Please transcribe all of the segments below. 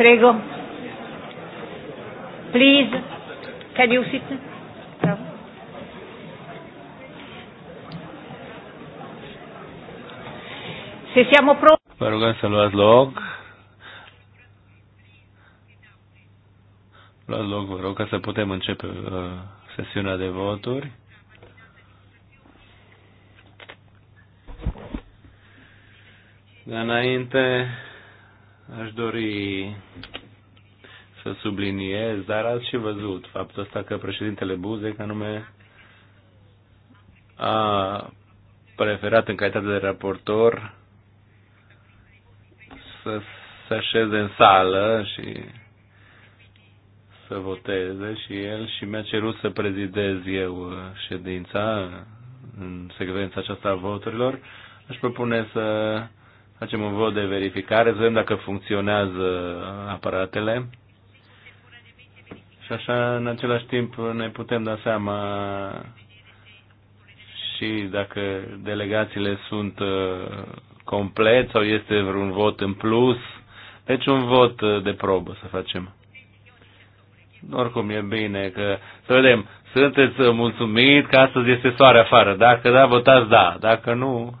Prego. Please, can you sit? No. Se siamo pronti. Vă rugăm să luați loc. Luați loc, vă rog, ca să putem începe uh, sesiunea de voturi. Dar înainte, Aș dori să subliniez, dar ați și văzut faptul ăsta că președintele Buzek anume a preferat în calitate de raportor să se așeze în sală și să voteze și el și mi-a cerut să prezidez eu ședința în secvența aceasta a voturilor. Aș propune să Facem un vot de verificare, să vedem dacă funcționează aparatele. Și așa, în același timp, ne putem da seama și dacă delegațiile sunt uh, complet sau este vreun vot în plus. Deci un vot uh, de probă să facem. Oricum e bine că... Să vedem, sunteți uh, mulțumit că astăzi este soare afară. Dacă da, votați da. Dacă nu,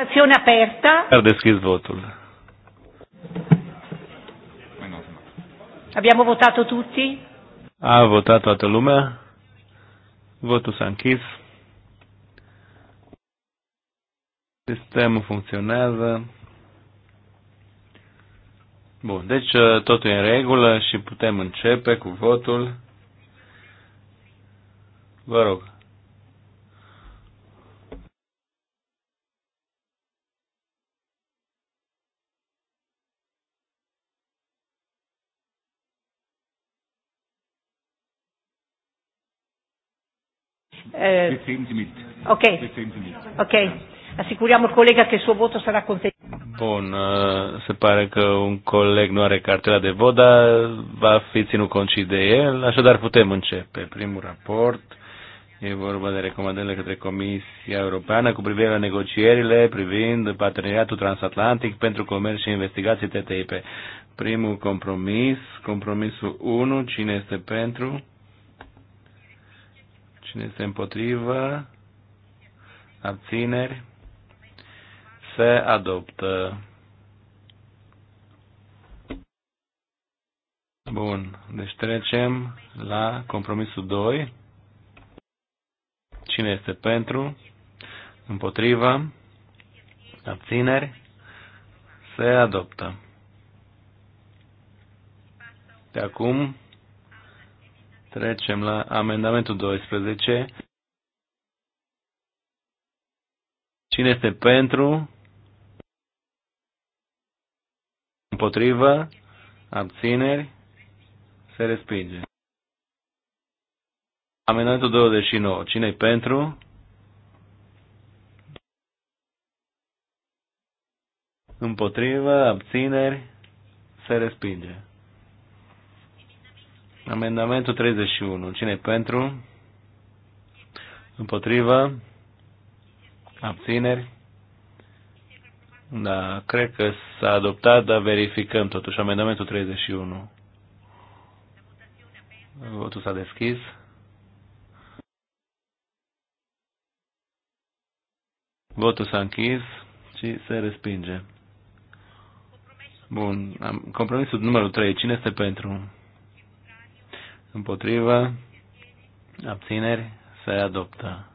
Votazione aperta. Per deschis votul. Abbiamo votato tutti? A votat toată lumea. Votul s-a închis. Sistemul funcționează. Bun, deci uh, totul e în regulă și putem începe cu votul. Vă rog. Eh, ok, ok. Asigurăm il collega che il suo voto sarà consegnato. Bun, eh, se pare că un coleg nu are cartela de vot, dar va fi ținut cont și de el, așadar putem începe. Primul raport e vorba de recomandările către Comisia Europeană cu privire la negocierile privind parteneriatul transatlantic pentru comerț și investigații TTIP. Primul compromis, compromisul 1, cine este pentru? Cine este împotrivă? Abțineri? Se adoptă. Bun. Deci trecem la compromisul 2. Cine este pentru? Împotrivă? Abțineri? Se adoptă. De acum Trecem la amendamentul 12. Cine este pentru? Împotrivă? Abțineri? Se respinge. Amendamentul 29. cine e pentru? Împotrivă? Abțineri? Se respinge. Amendamentul 31. Cine pentru? Împotrivă? Abțineri? Da, cred că s-a adoptat, dar verificăm totuși amendamentul 31. Votul s-a deschis. Votul s-a închis și se respinge. Bun. Compromisul numărul 3. Cine este pentru? împotriva, abțineri, se adoptă.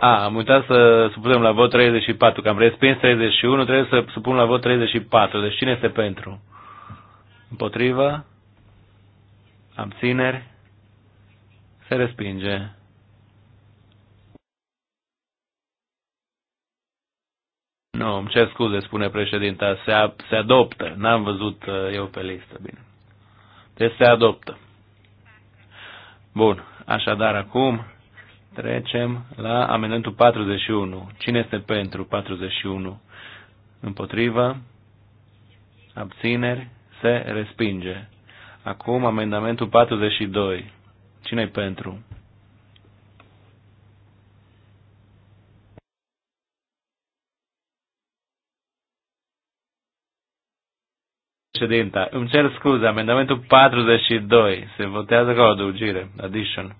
A, am uitat să supunem la vot 34, că am respins 31, trebuie să supun la vot 34. Deci cine este pentru? Împotriva? Abțineri? Se respinge. Nu, îmi cer scuze, spune președinta, se, a, se adoptă. N-am văzut uh, eu pe listă, bine. Deci se adoptă. Bun, așadar acum trecem la amendamentul 41. Cine este pentru 41? Împotrivă? Abțineri? Se respinge. Acum amendamentul 42. cine e pentru? Președinta, îmi cer scuze, amendamentul 42 se votează ca o adăugire, addition.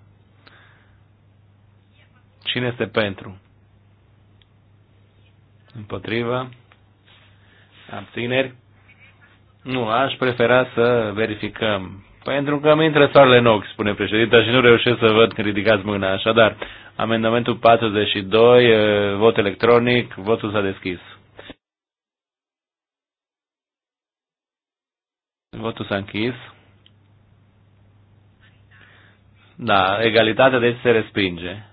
Cine este pentru? Împotriva? Abțineri? Nu, aș prefera să verificăm. Pentru că îmi intră soarele în ochi, spune președinta, și nu reușesc să văd când ridicați mâna. Așadar, amendamentul 42, eh, vot electronic, votul s-a deschis. Votul s-a închis. Da, egalitatea deci se respinge.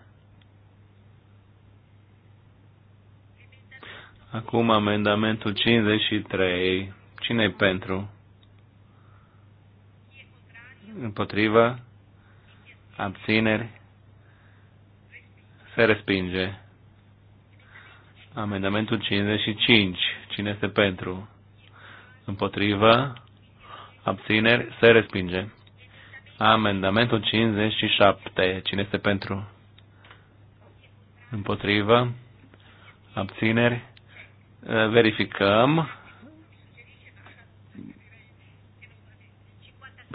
Acum amendamentul 53. cine e pentru? Împotrivă? Abțineri? Se respinge. Amendamentul 55. Cine este pentru? Împotrivă? abțineri, se respinge. Amendamentul 57. Cine este pentru? Împotrivă? Abțineri? Verificăm.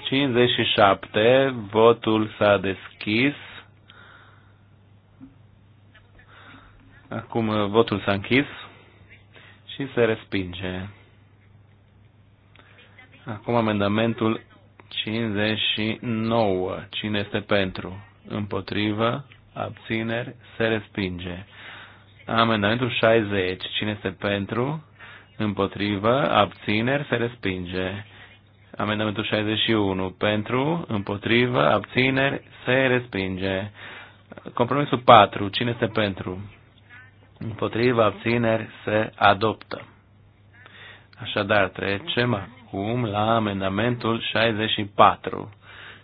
57. Votul s-a deschis. Acum votul s-a închis și se respinge. Acum amendamentul 59. Cine este pentru? Împotrivă? Abțineri? Se respinge. Amendamentul 60. Cine este pentru? Împotrivă? Abțineri? Se respinge. Amendamentul 61. Pentru? Împotrivă? Abțineri? Se respinge. Compromisul 4. Cine este pentru? Împotrivă? Abțineri? Se adoptă. Așadar, trecem acum la amendamentul 64.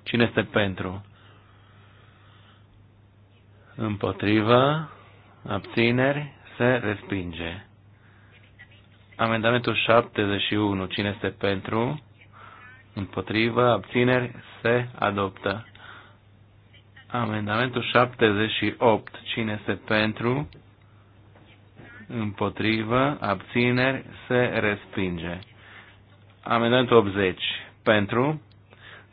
Cine este pentru? Împotrivă, abțineri, se respinge. Amendamentul 71. Cine este pentru? Împotrivă, abțineri, se adoptă. Amendamentul 78. Cine este pentru? împotrivă, abțineri, se respinge. Amendamentul 80, pentru,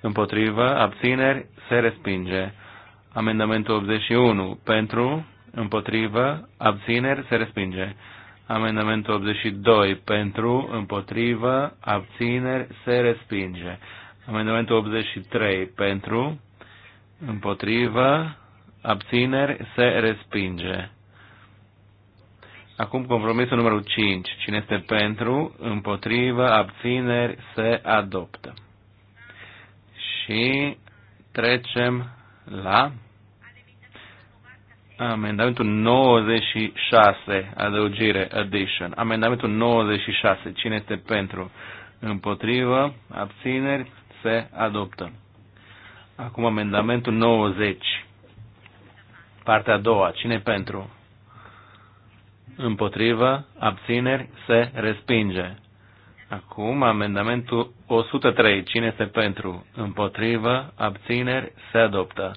împotrivă, abțineri, se respinge. Amendamentul 81, pentru, împotrivă, abțineri, se respinge. Amendamentul 82, pentru, împotrivă, abțineri, se respinge. Amendamentul 83, pentru, împotrivă, abțineri, se respinge. Acum compromisul numărul 5. Cine este pentru, împotrivă, abțineri, se adoptă. Și trecem la amendamentul 96, adăugire, addition. Amendamentul 96. Cine este pentru, împotrivă, abțineri, se adoptă. Acum amendamentul 90. Partea a doua. Cine pentru? împotrivă, abțineri, se respinge. Acum, amendamentul 103. Cine este pentru? Împotrivă, abțineri, se adoptă.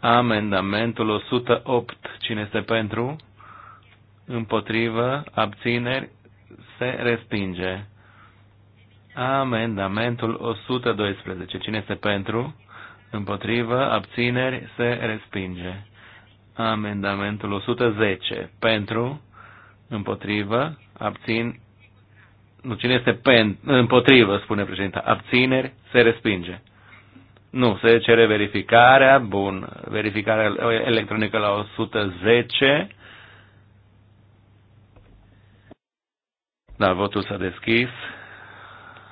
Amendamentul 108. Cine este pentru? Împotrivă, abțineri, se respinge. Amendamentul 112. Cine este pentru? Împotrivă, abțineri, se respinge. Amendamentul 110. Pentru, împotrivă, abțin, nu, cine este pen, împotrivă, spune președinta, abțineri, se respinge. Nu, se cere verificarea, bun, verificarea electronică la 110. Da, votul s-a deschis.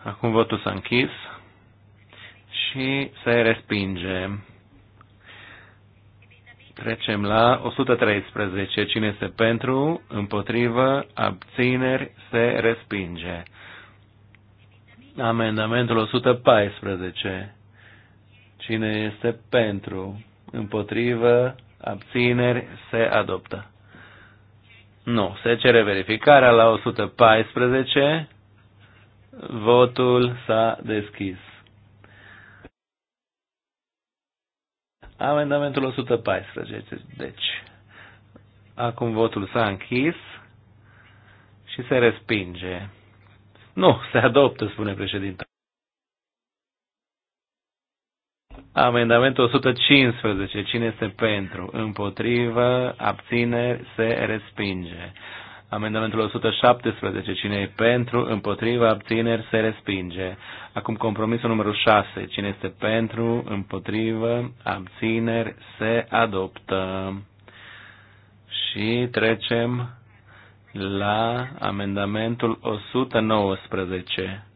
Acum votul s-a închis și se respinge. Trecem la 113. Cine este pentru, împotrivă, abțineri, se respinge. Amendamentul 114. Cine este pentru, împotrivă, abțineri, se adoptă. Nu, se cere verificarea la 114. Votul s-a deschis. Amendamentul 114. Deci, acum votul s-a închis și se respinge. Nu, se adoptă, spune președinte. Amendamentul 115. Cine este pentru? Împotrivă, abține, se respinge. Amendamentul 117. Cine e pentru, împotriva, abțineri, se respinge. Acum compromisul numărul 6. Cine este pentru, împotriva, abțineri, se adoptă. Și trecem la amendamentul 119.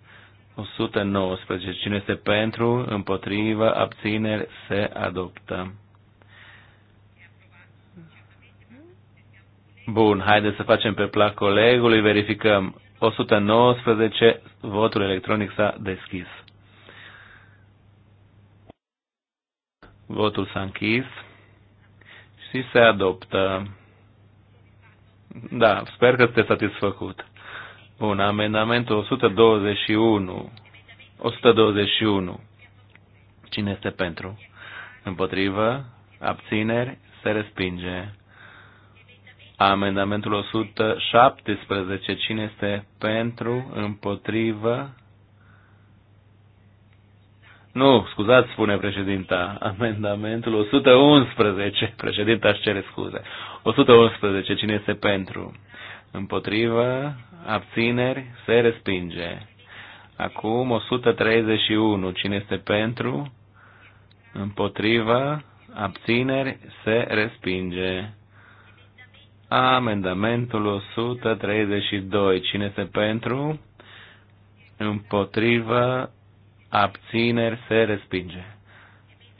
119. Cine este pentru, împotriva, abțineri, se adoptă. Bun, haideți să facem pe plac colegului, verificăm. 119, votul electronic s-a deschis. Votul s-a închis și se adoptă. Da, sper că sunteți satisfăcut. Bun, amendamentul 121. 121. Cine este pentru? Împotrivă? Abțineri? Se respinge. Amendamentul 117. Cine este pentru, împotrivă? Nu, scuzați, spune președinta. Amendamentul 111. Președinta își cere scuze. 111. Cine este pentru? Împotrivă? Abțineri? Se respinge. Acum 131. Cine este pentru? Împotrivă? Abțineri? Se respinge. Amendamentul 132. Cine este pentru? Împotrivă. Abțineri se respinge.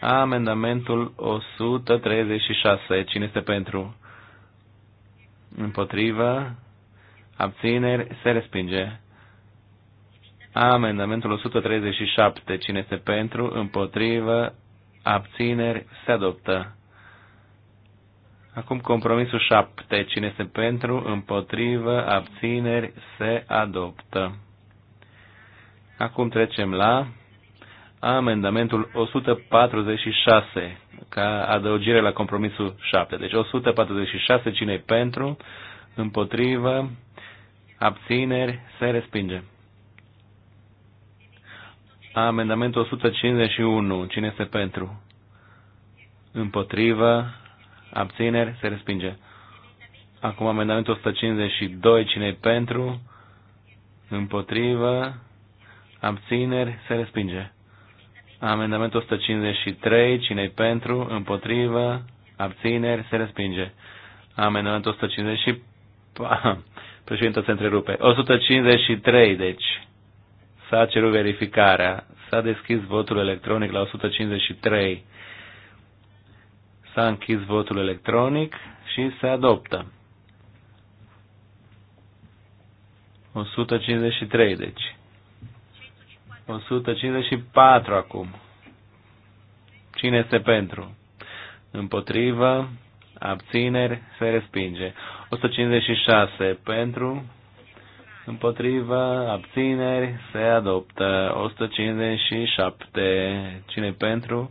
Amendamentul 136. Cine este pentru? Împotrivă. Abțineri se respinge. Amendamentul 137. Cine este pentru? Împotrivă. Abțineri se adoptă. Acum compromisul 7. Cine este pentru, împotrivă, abțineri, se adoptă. Acum trecem la amendamentul 146, ca adăugire la compromisul 7. Deci 146, cine pentru, împotrivă, abțineri, se respinge. Amendamentul 151, cine este pentru, împotrivă, abțineri, se respinge. Acum amendamentul 152, cine pentru, împotrivă, abțineri, se respinge. Amendamentul 153, cine pentru, împotrivă, abțineri, se respinge. Amendamentul 154, Președinte se întrerupe. 153, deci, s-a cerut verificarea, s-a deschis votul electronic la 153. S-a închis votul electronic și se adoptă. 153, deci. 154 acum. Cine este pentru? Împotrivă, abțineri, se respinge. 156 pentru, împotrivă, abțineri, se adoptă. 157, cine pentru?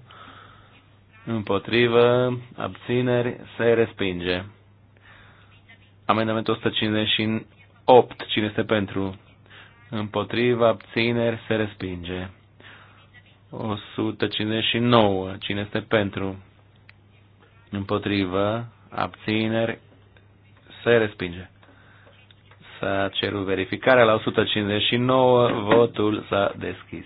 împotrivă, abțineri, se respinge. Amendamentul 158, cine este pentru? Împotrivă, abțineri, se respinge. 159, cine este pentru? Împotrivă, abțineri, se respinge. S-a cerut verificarea la 159, votul s-a deschis.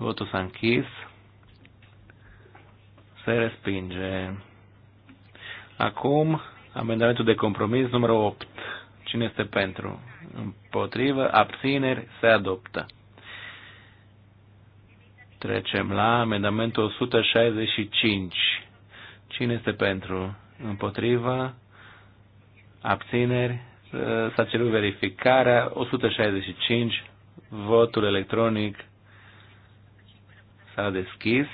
Votul s-a închis. Se respinge. Acum, amendamentul de compromis numărul 8. Cine este pentru? Împotrivă, abțineri, se adoptă. Trecem la amendamentul 165. Cine este pentru? Împotrivă, abțineri, s-a cerut verificarea. 165, votul electronic S-a deschis.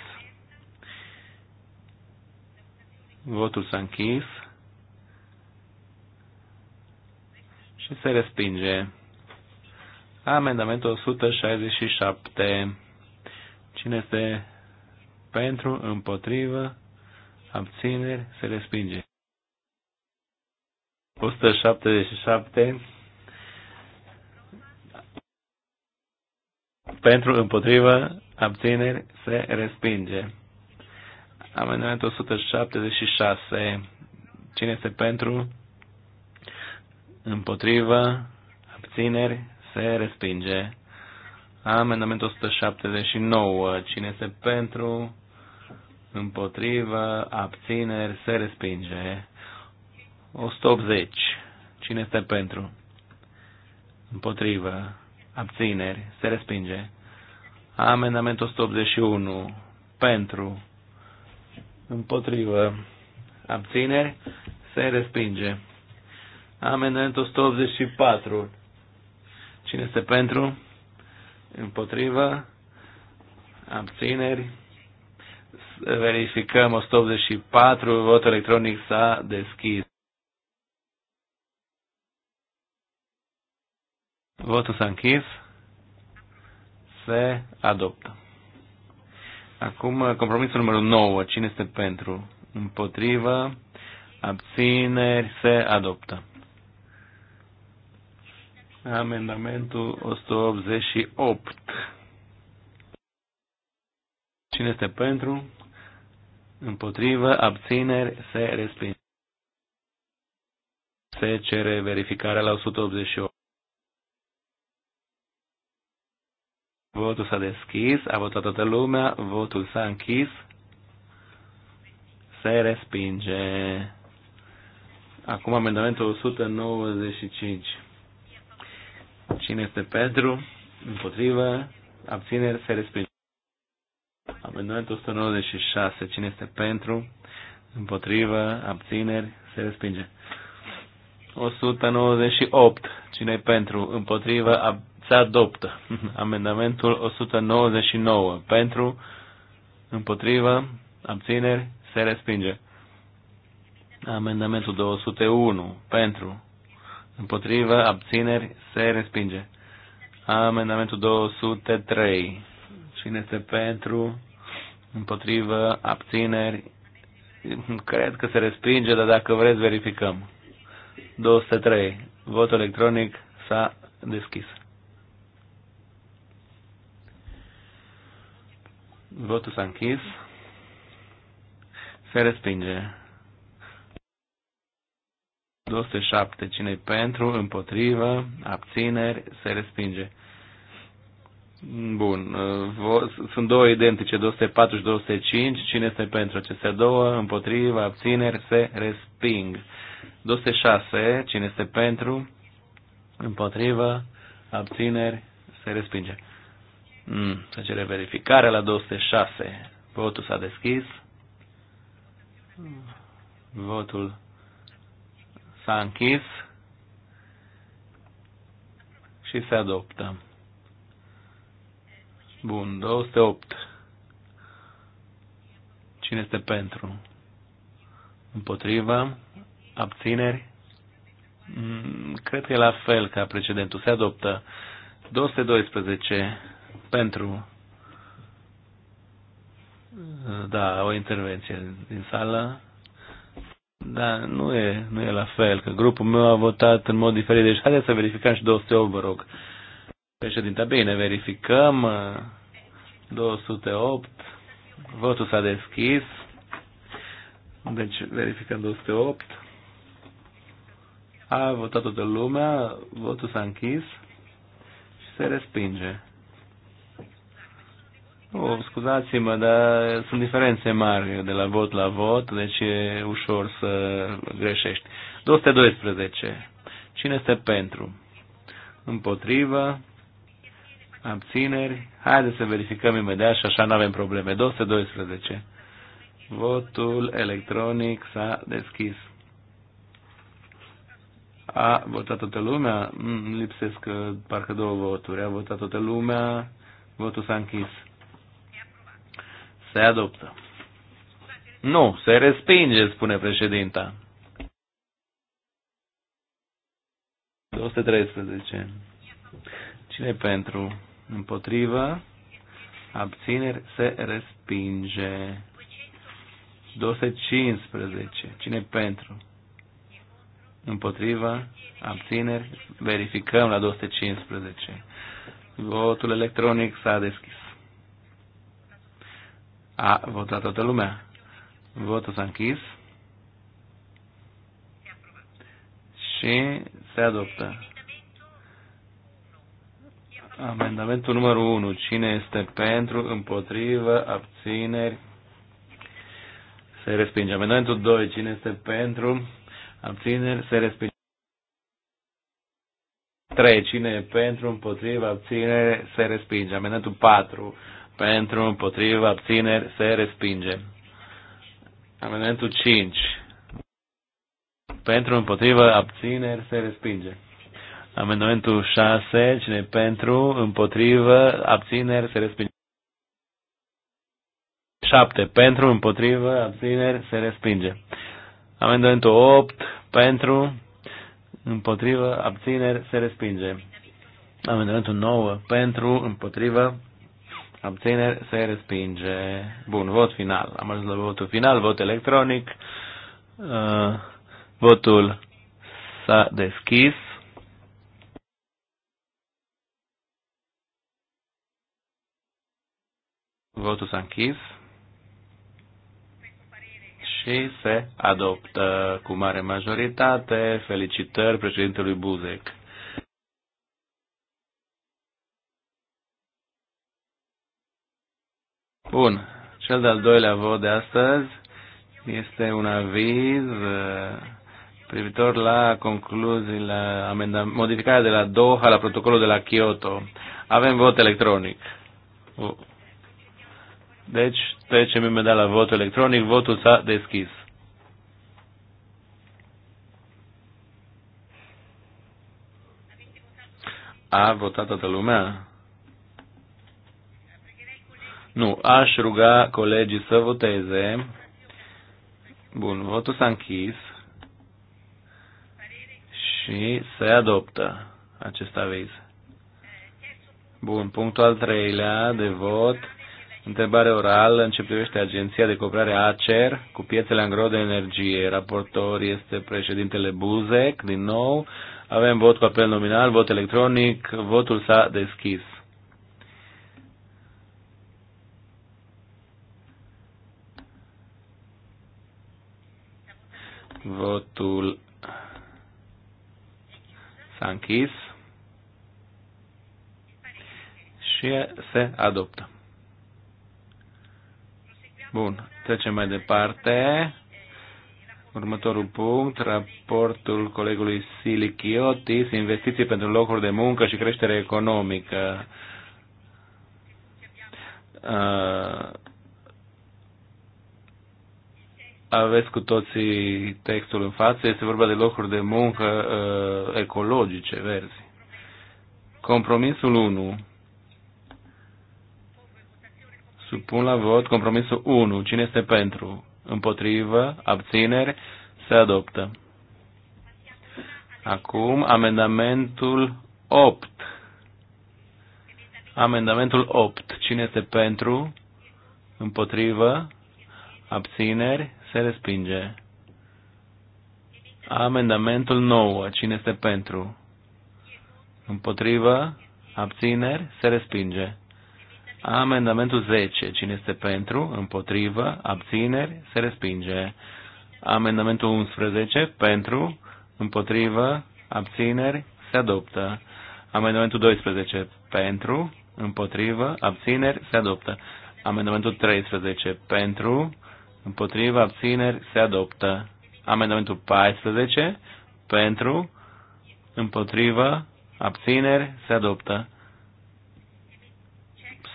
Votul s-a închis. Și se respinge. Amendamentul 167. Cine este pentru, împotrivă, abțineri, se respinge. 177. Pentru, împotrivă, abțineri, se respinge. Amendamentul 176. Cine este pentru? Împotrivă, abțineri, se respinge. Amendamentul 179. Cine este pentru? Împotrivă, abțineri, se respinge. 180. Cine este pentru? Împotrivă, abțineri, se respinge. Amendament 181 pentru împotrivă abțineri se respinge. Amendament 184 cine este pentru împotrivă abțineri verificăm 184 vot electronic s-a deschis. Votul s-a închis se adoptă. Acum, compromisul numărul 9. Cine este pentru? Împotrivă? Abțineri? Se adoptă. Amendamentul 188. Cine este pentru? Împotrivă? Abțineri? Se respinge. Se cere verificarea la 188. Votul s-a deschis, a votat toată lumea, votul s-a închis, se respinge. Acum amendamentul 195. Cine este pentru? Împotrivă? Abțineri? Se respinge. Amendamentul 196. Cine este pentru? Împotrivă? Abțineri? Se respinge. 198. Cine e pentru? Împotrivă? Abțineri? Se adoptă. Amendamentul 199. Pentru, împotrivă, abțineri, se respinge. Amendamentul 201. Pentru, împotrivă, abțineri, se respinge. Amendamentul 203. Cine este pentru, împotrivă, abțineri, cred că se respinge, dar dacă vreți verificăm. 203. Vot electronic s-a deschis. Votul s-a închis. Se respinge. 207. cine pentru, împotrivă, abțineri, se respinge. Bun. Sunt două identice, 204 și 205. Cine este pentru aceste două? Împotrivă, abțineri, se resping. 206. Cine este pentru? Împotrivă, abțineri, se respinge. Mm, să cere verificare la 206. Votul s-a deschis. Votul s-a închis și se adoptă. Bun, 208. Cine este pentru? Împotriva? Abțineri? Mm, cred că e la fel ca precedentul. Se adoptă 212 pentru da, o intervenție din sală. Da, nu e, nu e la fel, că grupul meu a votat în mod diferit. Deci haideți să verificăm și 208, vă rog. Președinte, bine, verificăm. 208. Votul s-a deschis. Deci verificăm 208. A votat toată lumea, votul s-a închis și se respinge. Oh, scuzați-mă, dar sunt diferențe mari de la vot la vot, deci e ușor să greșești. 212. Cine este pentru? Împotrivă? Abțineri? Haideți să verificăm imediat și așa nu avem probleme. 212. Votul electronic s-a deschis. A votat toată lumea? Mm, lipsesc uh, parcă două voturi. A votat toată lumea? Votul s-a închis. Se adoptă. Nu, se respinge, spune președinta. 213. Cine pentru? Împotrivă? Abțineri? Se respinge. 215. Cine pentru? Împotriva? Abțineri? Verificăm la 215. Votul electronic s-a deschis. A votat toată lumea. Votul s-a închis. Și se adoptă. Amendamentul numărul 1. Cine este pentru, împotrivă, abțineri? Se respinge. Amendamentul 2. Cine este pentru, abțineri? Se respinge. 3. Cine e pentru, împotrivă, abținere, se respinge. Amendamentul 4 pentru, împotriva, abțineri, se respinge. Amendamentul 5. Pentru, împotriva, abțineri, se respinge. Amendamentul 6. Cine pentru, împotriva abțineri, se respinge. 7. Pentru, împotriva abțineri, se respinge. Amendamentul 8. Pentru, împotriva abțineri, se respinge. Amendamentul 9. Pentru, împotriva abțineri, se respinge. Bun, vot final. Am ajuns la votul final, vot electronic. Uh, votul s-a deschis. Votul s-a închis și se adoptă cu mare majoritate. Felicitări președintelui Buzek. Bun. Cel de-al doilea vot de astăzi este un aviz uh, privitor la concluzii, la modificarea de la Doha la protocolul de la Kyoto. Avem vot electronic. Deci trecem imediat la vot electronic. Votul s-a deschis. A votat toată lumea? Nu, aș ruga colegii să voteze. Bun, votul s-a închis și se adoptă acest aviz. Bun, punctul al treilea de vot. Întrebare orală în ce privește Agenția de Cooperare ACER cu piețele angro de energie. Raportor este președintele Buzek, din nou. Avem vot cu apel nominal, vot electronic, votul s-a deschis. Votul s-a închis și se adoptă. Bun, trecem mai departe. Următorul punct, raportul colegului Silichiotis, investiții pentru locuri de muncă și creștere economică. Uh, aveți cu toții textul în față, este vorba de locuri de muncă uh, ecologice, verzi. Compromisul 1. Supun la vot compromisul 1. Cine este pentru? Împotrivă? Abțineri? Se adoptă. Acum amendamentul 8. Amendamentul 8. Cine este pentru? Împotrivă? Abțineri? se respinge. Amendamentul 9. Cine este pentru? Împotrivă? Abțineri? Se respinge. Amendamentul 10. Cine este pentru? Împotrivă? Abțineri? Se respinge. Amendamentul 11. Pentru? Împotrivă? Abțineri? Se adoptă. Amendamentul 12. Pentru? Împotrivă? Abțineri? Se adoptă. Amendamentul 13. Pentru? împotriva, abțineri, se adoptă. Amendamentul 14, pentru, împotriva, abțineri, se adoptă.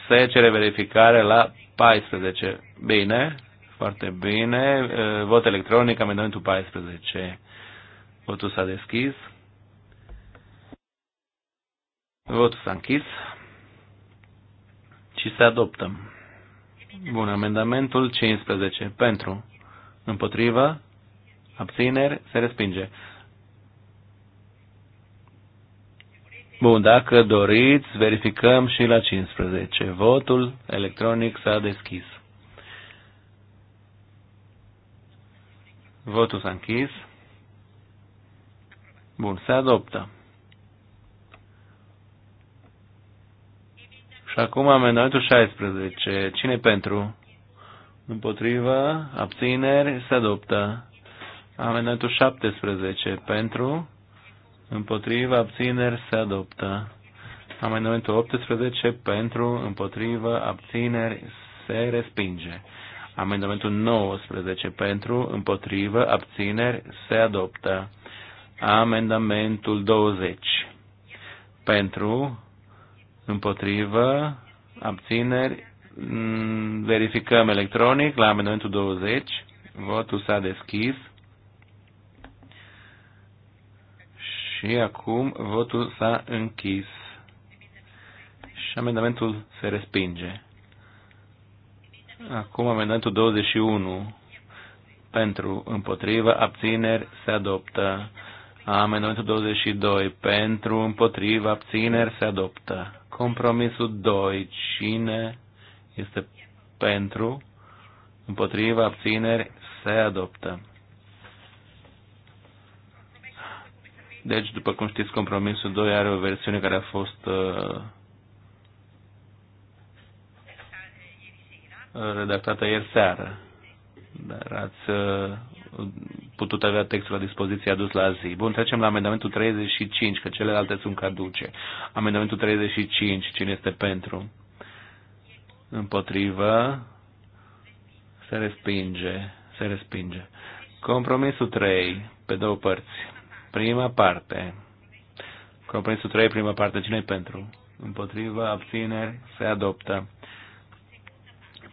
Se cere verificare la 14. Bine, foarte bine. Uh, vot electronic, amendamentul 14. Votul s-a deschis. Votul s-a închis și se adoptă. Bun, amendamentul 15. Pentru. Împotriva. Abțineri. Se respinge. Bun, dacă doriți, verificăm și la 15. Votul electronic s-a deschis. Votul s-a închis. Bun, se adoptă. Și acum amendamentul 16. Cine pentru? Împotriva, abțineri, se adoptă. Amendamentul 17. Pentru, împotriva, abțineri, se adoptă. Amendamentul 18. Pentru, împotriva, abțineri, se respinge. Amendamentul 19. Pentru, împotriva, abțineri, se adoptă. Amendamentul 20. Pentru, împotrivă, abțineri, mm, verificăm electronic la amendamentul 20, votul s-a deschis și acum votul s-a închis și amendamentul se respinge. Acum amendamentul 21 pentru împotrivă, abțineri, se adoptă. Amendamentul 22 pentru împotrivă, abțineri, se adoptă. Compromisul 2. Cine este pentru? Împotriva abțineri se adoptă. Deci, după cum știți, compromisul 2 are o versiune care a fost uh, redactată ieri seară. Dar ați uh, putut avea textul la dispoziție adus la zi. Bun, trecem la amendamentul 35, că celelalte sunt caduce. Amendamentul 35, cine este pentru? Împotrivă? Se respinge, se respinge. Compromisul 3, pe două părți. Prima parte. Compromisul 3, prima parte. cine pentru? Împotrivă, abțineri, se adoptă.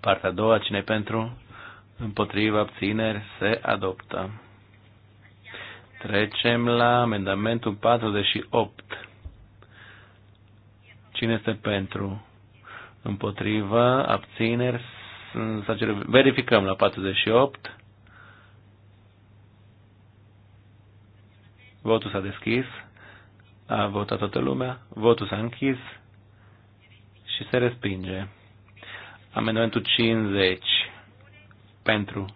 Partea a doua, cine pentru? împotriva abțineri se adoptă. Trecem la amendamentul 48. Cine este pentru? Împotriva abțineri verificăm la 48. Votul s-a deschis. A votat toată lumea. Votul s-a închis. Și se respinge. Amendamentul 50 pentru,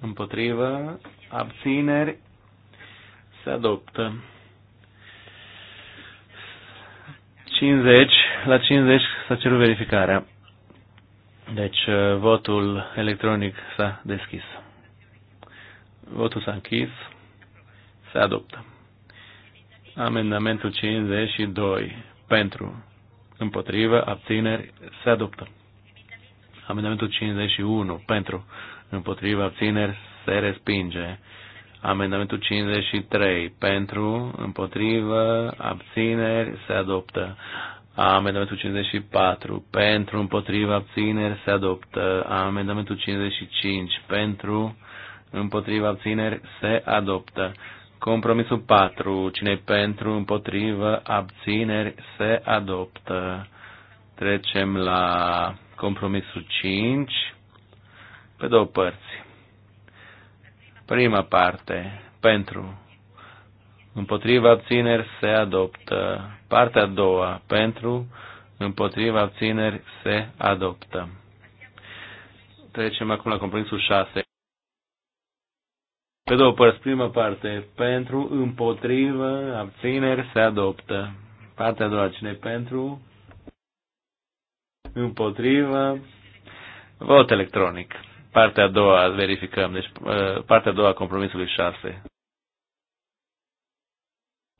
împotrivă, abțineri, se adoptă. 50, la 50 s-a cerut verificarea. Deci uh, votul electronic s-a deschis. Votul s-a închis. Se adoptă. Amendamentul 52 pentru împotrivă abțineri se adoptă. Amendamentul 51 pentru, împotriva abțineri se respinge. Amendamentul 53 pentru, împotriva abțineri se adoptă. Amendamentul 54 pentru, împotriva abțineri se adoptă. Amendamentul 55 pentru, împotriva abțineri se adoptă. Compromisul 4. cine pentru, împotrivă, abțineri, se adoptă. Trecem la Compromisul 5, pe două părți. Prima parte, pentru. Împotriva abțineri se adoptă. Partea a doua, pentru. Împotriva abțineri se adoptă. Trecem acum la compromisul 6. Pe două părți, prima parte, pentru, împotrivă, abțineri, se adoptă. Partea a doua, cine pentru, Împotrivă. Vot electronic. Partea a doua, verificăm. Deci uh, partea a doua a compromisului 6.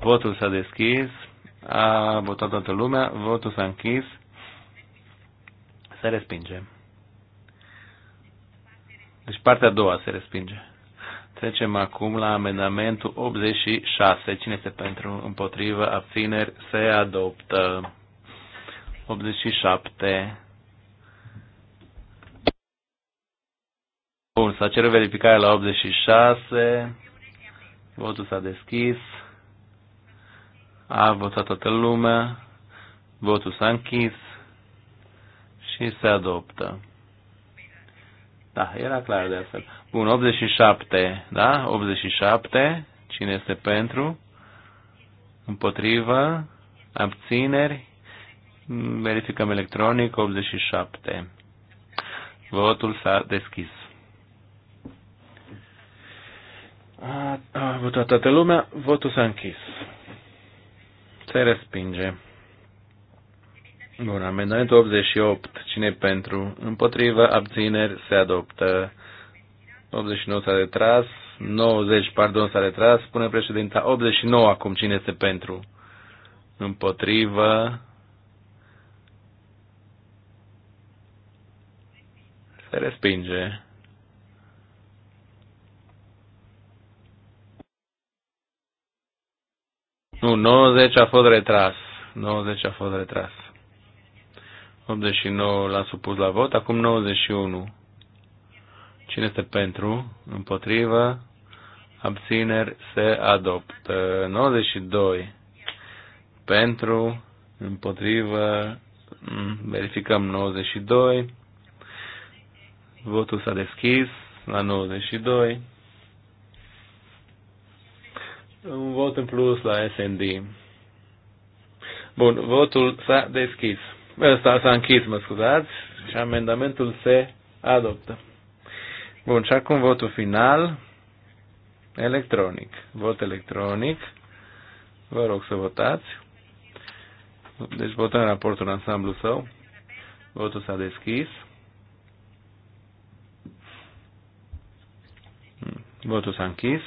Votul s-a deschis. A votat toată lumea. Votul s-a închis. Se respinge. Deci partea a doua se respinge. Trecem acum la amendamentul 86. Cine este pentru, împotrivă, abțineri, se adoptă. 87. Bun, s-a cerut verificarea la 86. Votul s-a deschis. A votat toată lumea. Votul s-a închis. Și se adoptă. Da, era clar de astfel. Bun, 87, da? 87. Cine este pentru? Împotrivă? Abțineri? Verificăm electronic 87. Votul s-a deschis. A, a votat toată lumea, votul s-a închis. Se respinge. Bun, amendamentul 88. Cine pentru? Împotrivă, abțineri, se adoptă. 89 s-a retras, 90, pardon, s-a retras, spune președinta, 89 acum cine este pentru? Împotrivă, te respinge. Nu, 90 a fost retras. 90 a fost retras. 89 l-a supus la vot, acum 91. Cine este pentru? Împotrivă? Abțineri se adoptă. 92. Pentru? Împotrivă? Mm, verificăm 92. Votul s-a deschis la 92. Un vot în plus la SND. Bun, votul s-a deschis. Ăsta s-a închis, mă scuzați, și amendamentul se adoptă. Bun, și acum votul final electronic. Vot electronic. Vă rog să votați. Deci votăm raportul în ansamblu său. Votul s-a deschis. Votul s-a închis.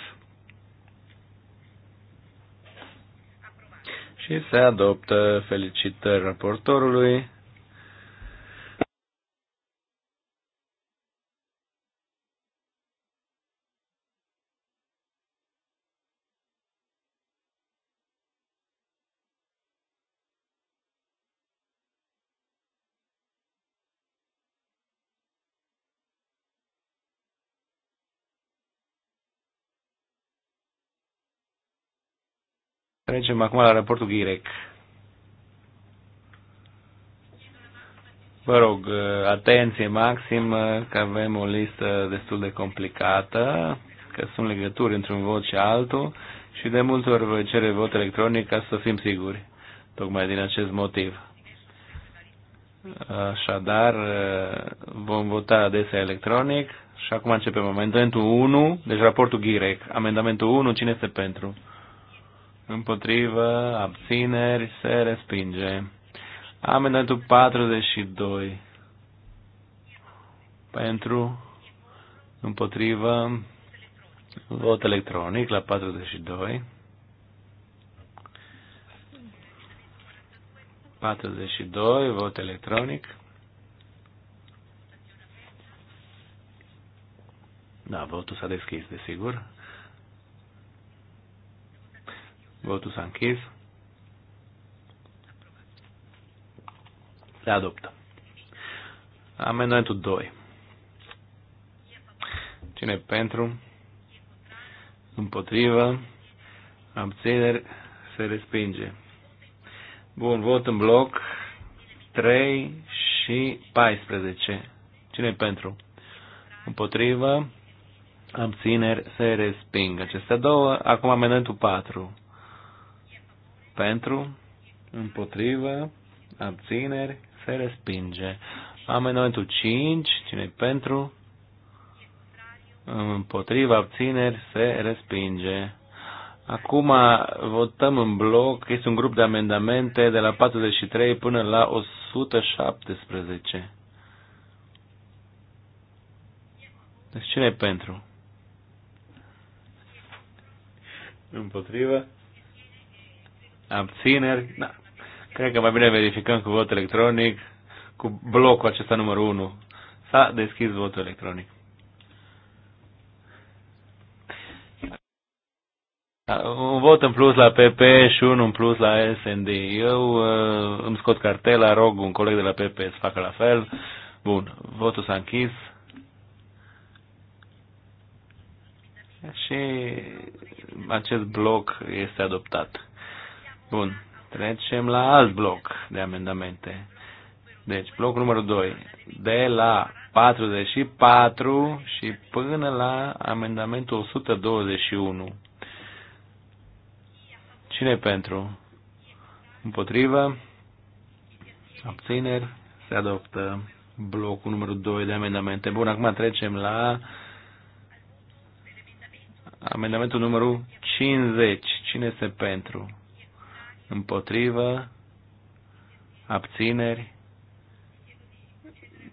Și se adoptă felicitări raportorului. Trecem acum la raportul Ghirec. Vă rog, uh, atenție maxim uh, că avem o listă destul de complicată, că sunt legături între un vot și altul și de multe ori vă cere vot electronic ca să fim siguri, tocmai din acest motiv. Așadar, uh, vom vota adesea electronic și acum începem amendamentul 1, deci raportul Ghirec. Amendamentul 1, cine este pentru? împotrivă, abțineri, se respinge. Amenetul 42 pentru, împotrivă, vot electronic la 42. 42, vot electronic. Da, votul s-a deschis, desigur. Votul s-a închis. Se adoptă. Amendamentul 2. Cine pentru? Împotrivă? Abțineri? Se respinge. Bun, vot în bloc 3 și 14. Cine pentru? Împotrivă? Abțineri? Se resping. Acestea două. Acum amendamentul 4. Pentru, împotrivă, abțineri, se respinge. Amendamentul 5, cine pentru, împotrivă, abțineri, se respinge. Acum votăm în bloc, este un grup de amendamente de la 43 până la 117. Deci cine e pentru? Împotrivă, abțineri. Da. Cred că mai bine verificăm cu vot electronic, cu blocul acesta numărul 1. S-a deschis votul electronic. Da, un vot în plus la PP și unul în plus la SND. Eu uh, îmi scot cartela, rog un coleg de la PP să facă la fel. Bun, votul s-a închis. Și acest bloc este adoptat. Bun. Trecem la alt bloc de amendamente. Deci, blocul numărul 2. De la 44 și până la amendamentul 121. Cine pentru? Împotrivă? Abțineri? Se adoptă blocul numărul 2 de amendamente. Bun, acum trecem la amendamentul numărul 50. Cine este pentru? împotrivă, abțineri.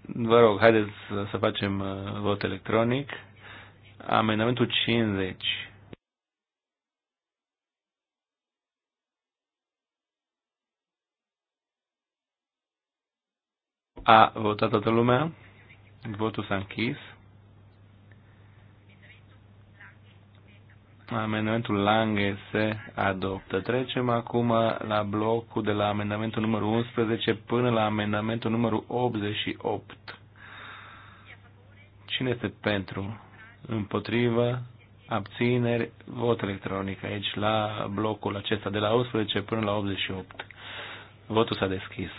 Vă rog, haideți să facem uh, vot electronic. Amendamentul 50. A votat toată lumea. Votul s-a închis. Amendamentul Lange se adoptă. Trecem acum la blocul de la amendamentul numărul 11 până la amendamentul numărul 88. Cine este pentru? Împotrivă? Abțineri? Vot electronic aici la blocul acesta de la 11 până la 88. Votul s-a deschis.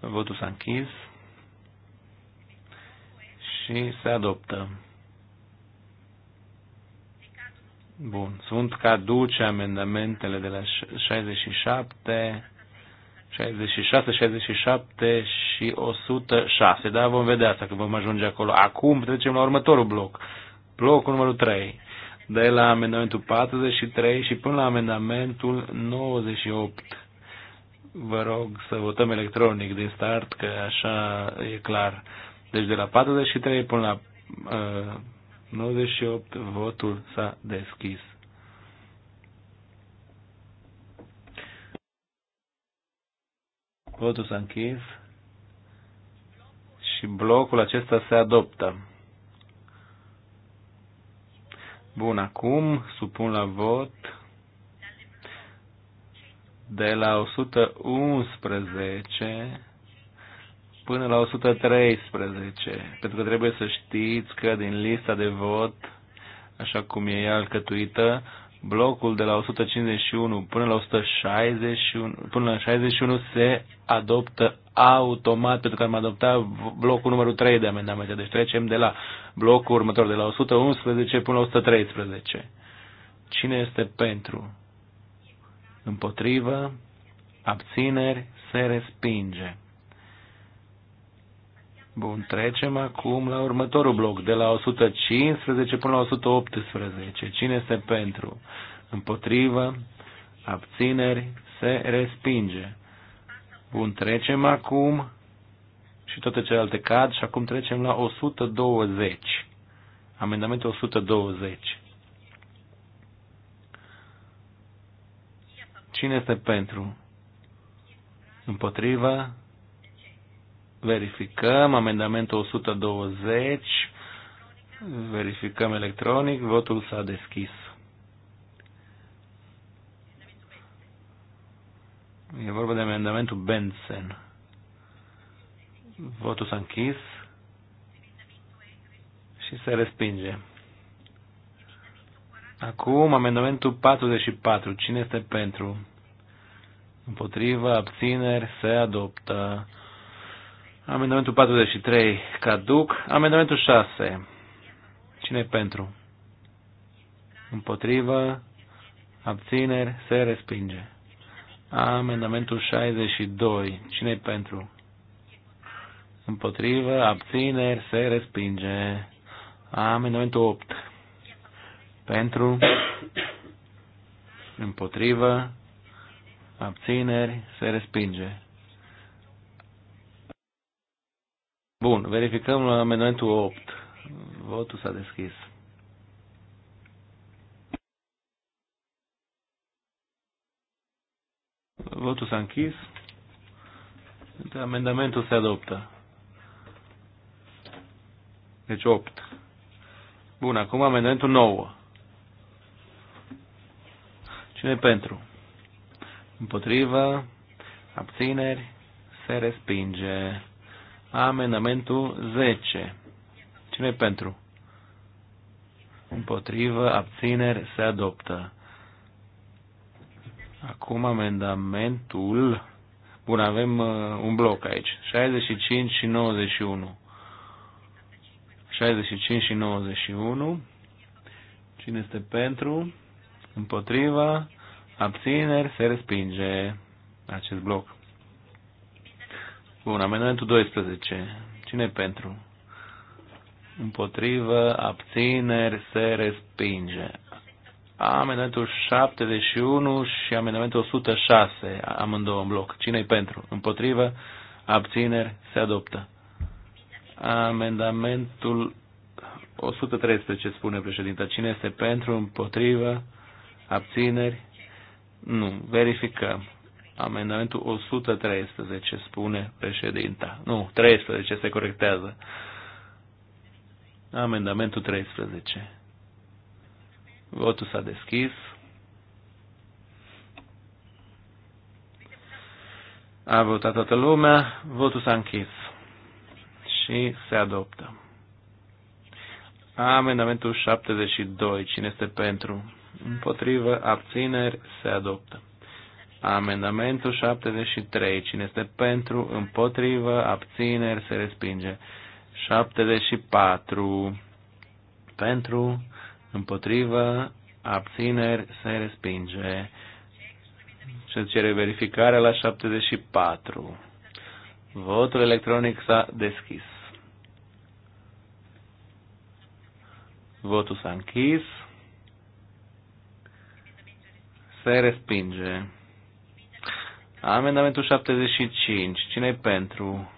Votul s-a închis și se adoptă. Bun. Sunt caduce amendamentele de la 67, 66, 67 și 106. Da, vom vedea asta că vom ajunge acolo. Acum trecem la următorul bloc. Blocul numărul 3. De la amendamentul 43 și până la amendamentul 98. Vă rog să votăm electronic din start, că așa e clar. Deci de la 43 până la uh, 98 votul s-a deschis. Votul s-a închis și blocul acesta se adoptă. Bun, acum supun la vot de la 111 până la 113, pentru că trebuie să știți că din lista de vot, așa cum e ea alcătuită, blocul de la 151 până la 161, până la 61 se adoptă automat, pentru că am adoptat blocul numărul 3 de amendamente. Deci trecem de la blocul următor, de la 111 până la 113. Cine este pentru? Împotrivă? Abțineri? Se respinge. Bun, trecem acum la următorul bloc, de la 115 până la 118. Cine este pentru? Împotrivă? Abțineri? Se respinge. Bun, trecem acum și toate celelalte cad și acum trecem la 120. Amendamentul 120. Cine este pentru? Împotriva? Verificăm amendamentul 120. Verificăm electronic. Votul s-a deschis. E vorba de amendamentul Benson. Votul s-a închis și se respinge. Acum amendamentul 44. Cine este pentru? Împotriva, abțineri, se adoptă. Amendamentul 43 caduc. Amendamentul 6. Cine pentru? Împotrivă. Abțineri. Se respinge. Amendamentul 62. cine pentru? Împotrivă. Abțineri. Se respinge. Amendamentul 8. Pentru. Împotrivă. Abțineri. Se respinge. Bun, verificăm la amendamentul 8. Votul s-a deschis. Votul s-a închis. Deci amendamentul se adoptă. Deci 8. Bun, acum amendamentul 9. Cine pentru? Împotriva, abțineri, se respinge. Amendamentul 10. Cine pentru? Împotrivă, abțineri, se adoptă. Acum amendamentul... Bun, avem uh, un bloc aici. 65 și 91. 65 și 91. Cine este pentru? Împotriva? Abțineri? Se respinge acest bloc. Bun, amendamentul 12. Cine pentru? Împotrivă, abțineri, se respinge. Amendamentul 71 și amendamentul 106, amândouă în bloc. cine e pentru? Împotrivă, abțineri, se adoptă. Amendamentul 113 spune președinta. Cine este pentru, împotrivă, abțineri? Nu. Verificăm. Amendamentul 113, spune președinta. Nu, 13 se corectează. Amendamentul 13. Votul s-a deschis. A votat toată lumea, votul s-a închis și se adoptă. Amendamentul 72. Cine este pentru? Împotrivă, abțineri, se adoptă. Amendamentul 73. Cine este pentru, împotrivă, abțineri, se respinge. 74. Pentru, împotrivă, abțineri, se respinge. Se cere verificarea la 74. Votul electronic s-a deschis. Votul s-a închis. Se respinge. Amendamentul 75. Cine-i pentru?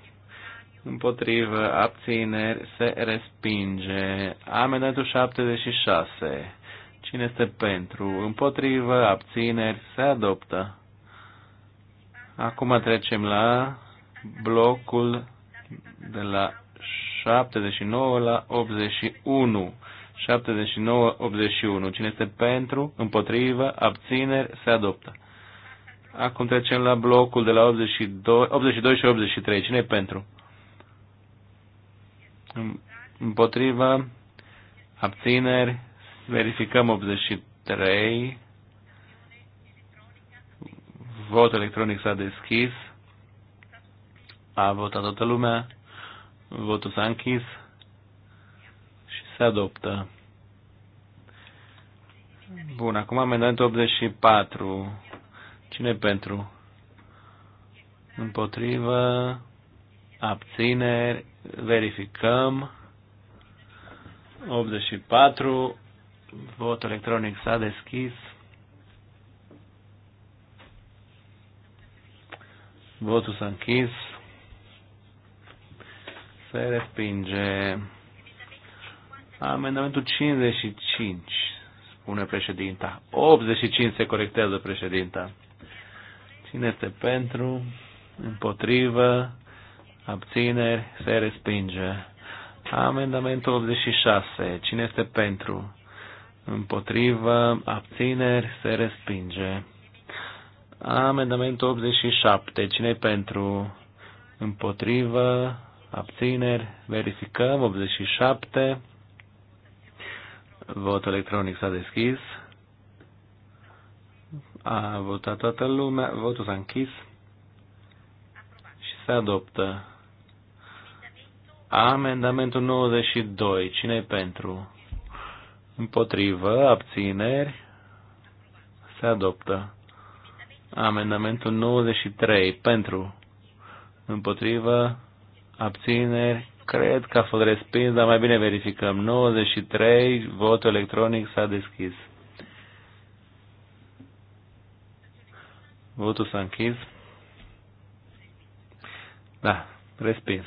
Împotrivă. Abțineri. Se respinge. Amendamentul 76. Cine este pentru? Împotrivă. Abțineri. Se adoptă. Acum trecem la blocul de la 79 la 81. 79-81. Cine este pentru, împotrivă, abțineri, se adoptă. Acum trecem la blocul de la 82, 82 și 83. cine pentru? Împotriva. Abțineri. Verificăm 83. Vot electronic s-a deschis. A votat toată lumea. Votul s-a închis. Și se adoptă. Bun, acum amendamentul 84 rugăciune pentru? Împotrivă. Abțineri. Verificăm. 84. Vot electronic s-a deschis. Votul s-a închis. Se respinge. Amendamentul 55, spune președinta. 85 se corectează președinta. Cine este pentru? Împotrivă? Abțineri? Se respinge. Amendamentul 86. Cine este pentru? Împotrivă? Abțineri? Se respinge. Amendamentul 87. Cine pentru? Împotrivă? Abțineri? Verificăm. 87. Votul electronic s-a deschis. A votat toată lumea, votul s-a închis și se adoptă. Amendamentul 92. cine e pentru? Împotrivă, abțineri, se adoptă. Amendamentul 93. Pentru. Împotrivă, abțineri, cred că a fost respins, dar mai bine verificăm. 93, votul electronic s-a deschis. Votul s-a închis. Da, respins.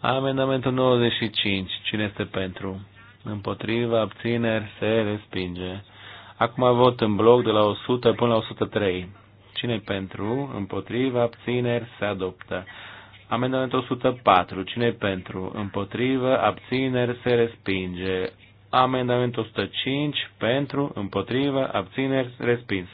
Amendamentul 95. Cine este pentru? Împotriva, abțineri, se respinge. Acum vot în bloc de la 100 până la 103. Cine pentru? Împotriva, abțineri, se adoptă. Amendamentul 104. Cine pentru? Împotrivă, abțineri, se respinge. Amendamentul 105. Pentru, împotrivă, abțineri, respins.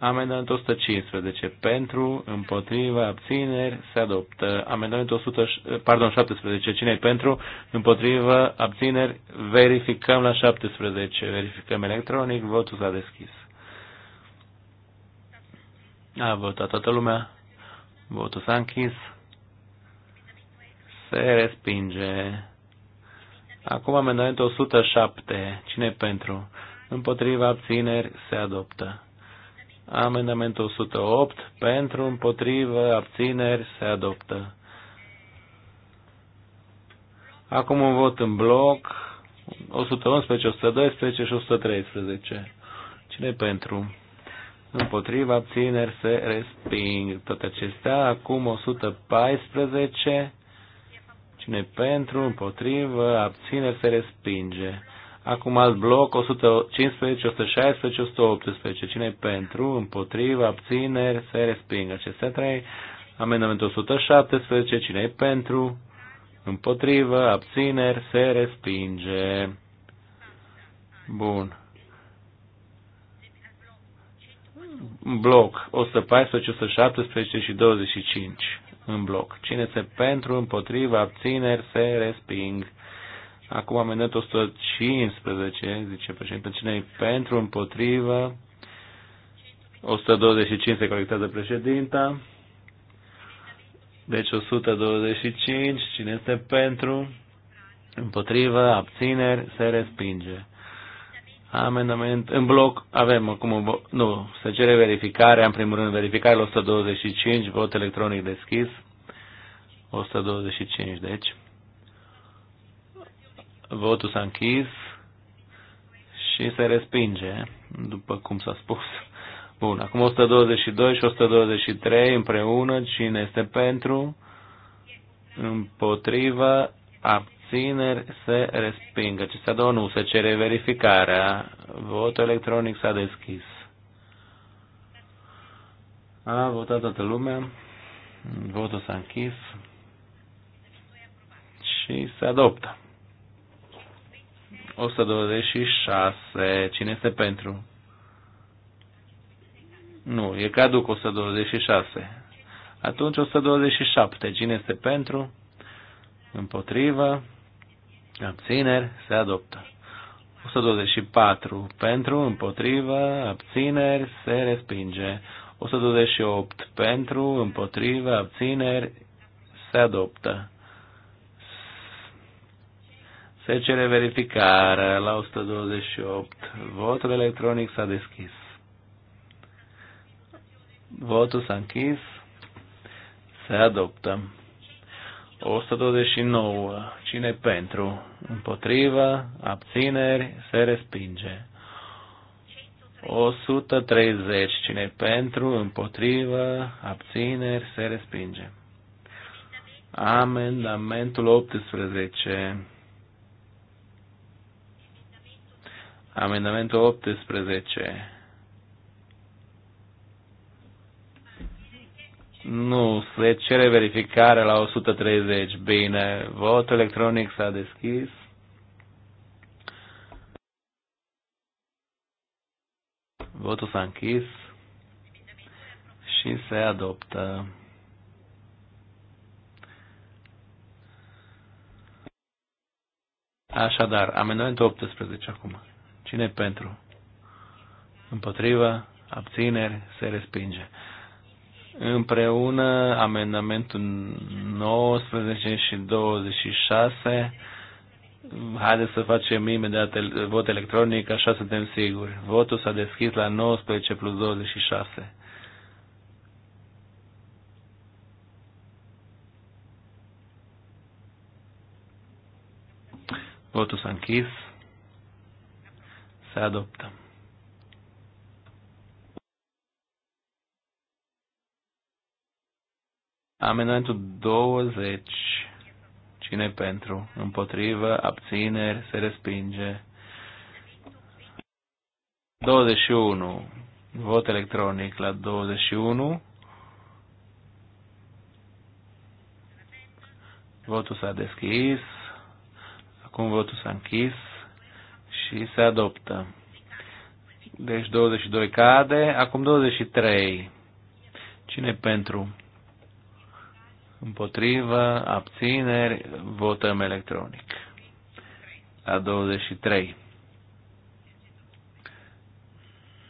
Amendamentul 115 pentru, împotriva, abțineri, se adoptă. Amendamentul 100, pardon, 17. Cine pentru, împotriva, abțineri, verificăm la 17. Verificăm electronic, votul s-a deschis. A votat toată lumea. Votul s-a închis. Se respinge. Acum amendamentul 107. Cine pentru? Împotriva abțineri se adoptă. Amendamentul 108 pentru, împotrivă, abțineri se adoptă. Acum un vot în bloc 111, 112 și 113. Cine pentru? Împotriva abțineri se resping toate acestea. Acum 114. Cine pentru? Împotrivă abțineri se respinge. Acum alt bloc, 115, 116, 118. Cine pentru, împotriva, abțineri, se resping. Acestea trei. Amendamentul 117. Cine e pentru, împotrivă, abțineri, se respinge. Bun. bloc 114, 117 și 25 în bloc. Cine se pentru, împotriva, abțineri, se resping. Acum amendat 115, zice președinte, cine e pentru, împotrivă? 125 se corectează președinta. Deci 125, cine este pentru, împotrivă, abțineri, se respinge. Amendament, în bloc avem acum, nu, se cere verificarea, în primul rând verificare la 125, vot electronic deschis, 125, deci. Votul s-a închis și se respinge, după cum s-a spus. Bun, acum 122 și 123 împreună, cine este pentru, împotriva, abțineri, se resping. Acestea două nu, se cere verificarea. Votul electronic s-a deschis. A votat toată lumea, votul s-a închis și se adoptă. 126. Cine este pentru? Nu, e caduc 126. Atunci 127. Cine este pentru? Împotrivă. Abțineri. Se adoptă. 124. Pentru, împotrivă, abțineri, se respinge. 128. Pentru, împotrivă, abțineri, se adoptă. Se cere verificarea la 128. Votul electronic s-a deschis. Votul s-a închis. Se adoptă. 129. Cine pentru? Împotrivă? Abțineri? Se respinge. 130. Cine pentru? Împotrivă? Abțineri? Se respinge. Amendamentul 18 Amendamentul 18. Nu, se cere verificare la 130. Bine, votul electronic s-a deschis. Votul s-a închis și se adoptă. Așadar, amendamentul 18 acum. Cine pentru? Împotriva, abțineri, se respinge. Împreună amendamentul 19 și 26. Haideți să facem imediat vot electronic, așa suntem siguri. Votul s-a deschis la 19 plus 26. Votul s-a închis să adoptăm. Amenantul 20. Cine pentru? Împotrivă? Abțineri? Se respinge. 21. Vot electronic la 21. Votul s-a deschis. Acum votul s-a închis și se adoptă. Deci 22 cade, acum 23. Cine pentru? Împotrivă, abțineri, votăm electronic. La 23.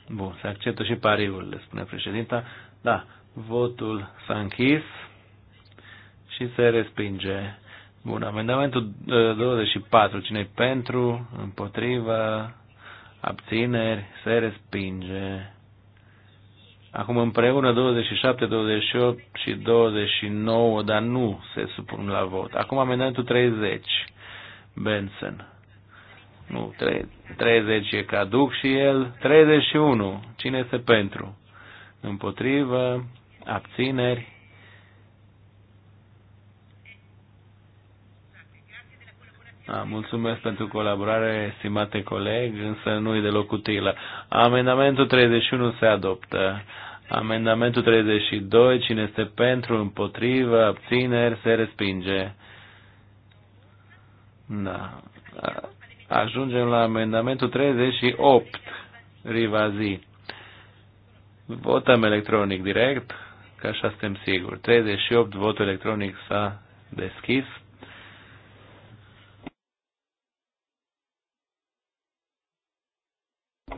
Bun, se acceptă și pariul, le spune președinta. Da, votul s-a închis și se respinge. Bun, amendamentul 24. Uh, cine pentru? Împotriva? Abțineri? Se respinge. Acum împreună 27, 28 și 29, dar nu se supun la vot. Acum amendamentul 30. Benson. Nu, 30 e caduc și el. 31. Cine este pentru? Împotrivă. Abțineri. Da, mulțumesc pentru colaborare, stimate coleg, însă nu e deloc utilă. Amendamentul 31 se adoptă. Amendamentul 32, cine este pentru, împotrivă, abțineri, se respinge. Da. Ajungem la amendamentul 38, Rivazi. Votăm electronic direct, ca așa suntem siguri. 38, votul electronic s-a deschis.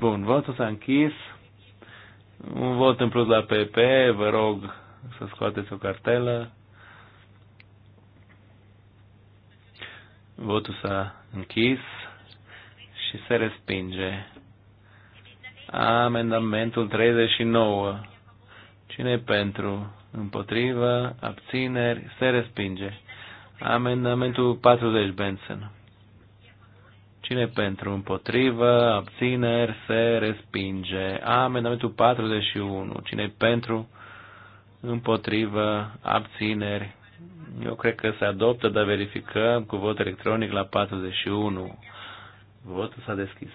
Bun, votul s-a închis. Un vot în plus la PP, vă rog să scoateți o cartelă. Votul s-a închis și se respinge. Amendamentul 39. Cine pentru? Împotrivă? Abțineri? Se respinge. Amendamentul 40, Benson. Cine pentru? Împotrivă? Abțineri? Se respinge. Amendamentul 41. Cine pentru? Împotrivă? Abțineri? Eu cred că se adoptă, dar verificăm cu vot electronic la 41. Votul s-a deschis.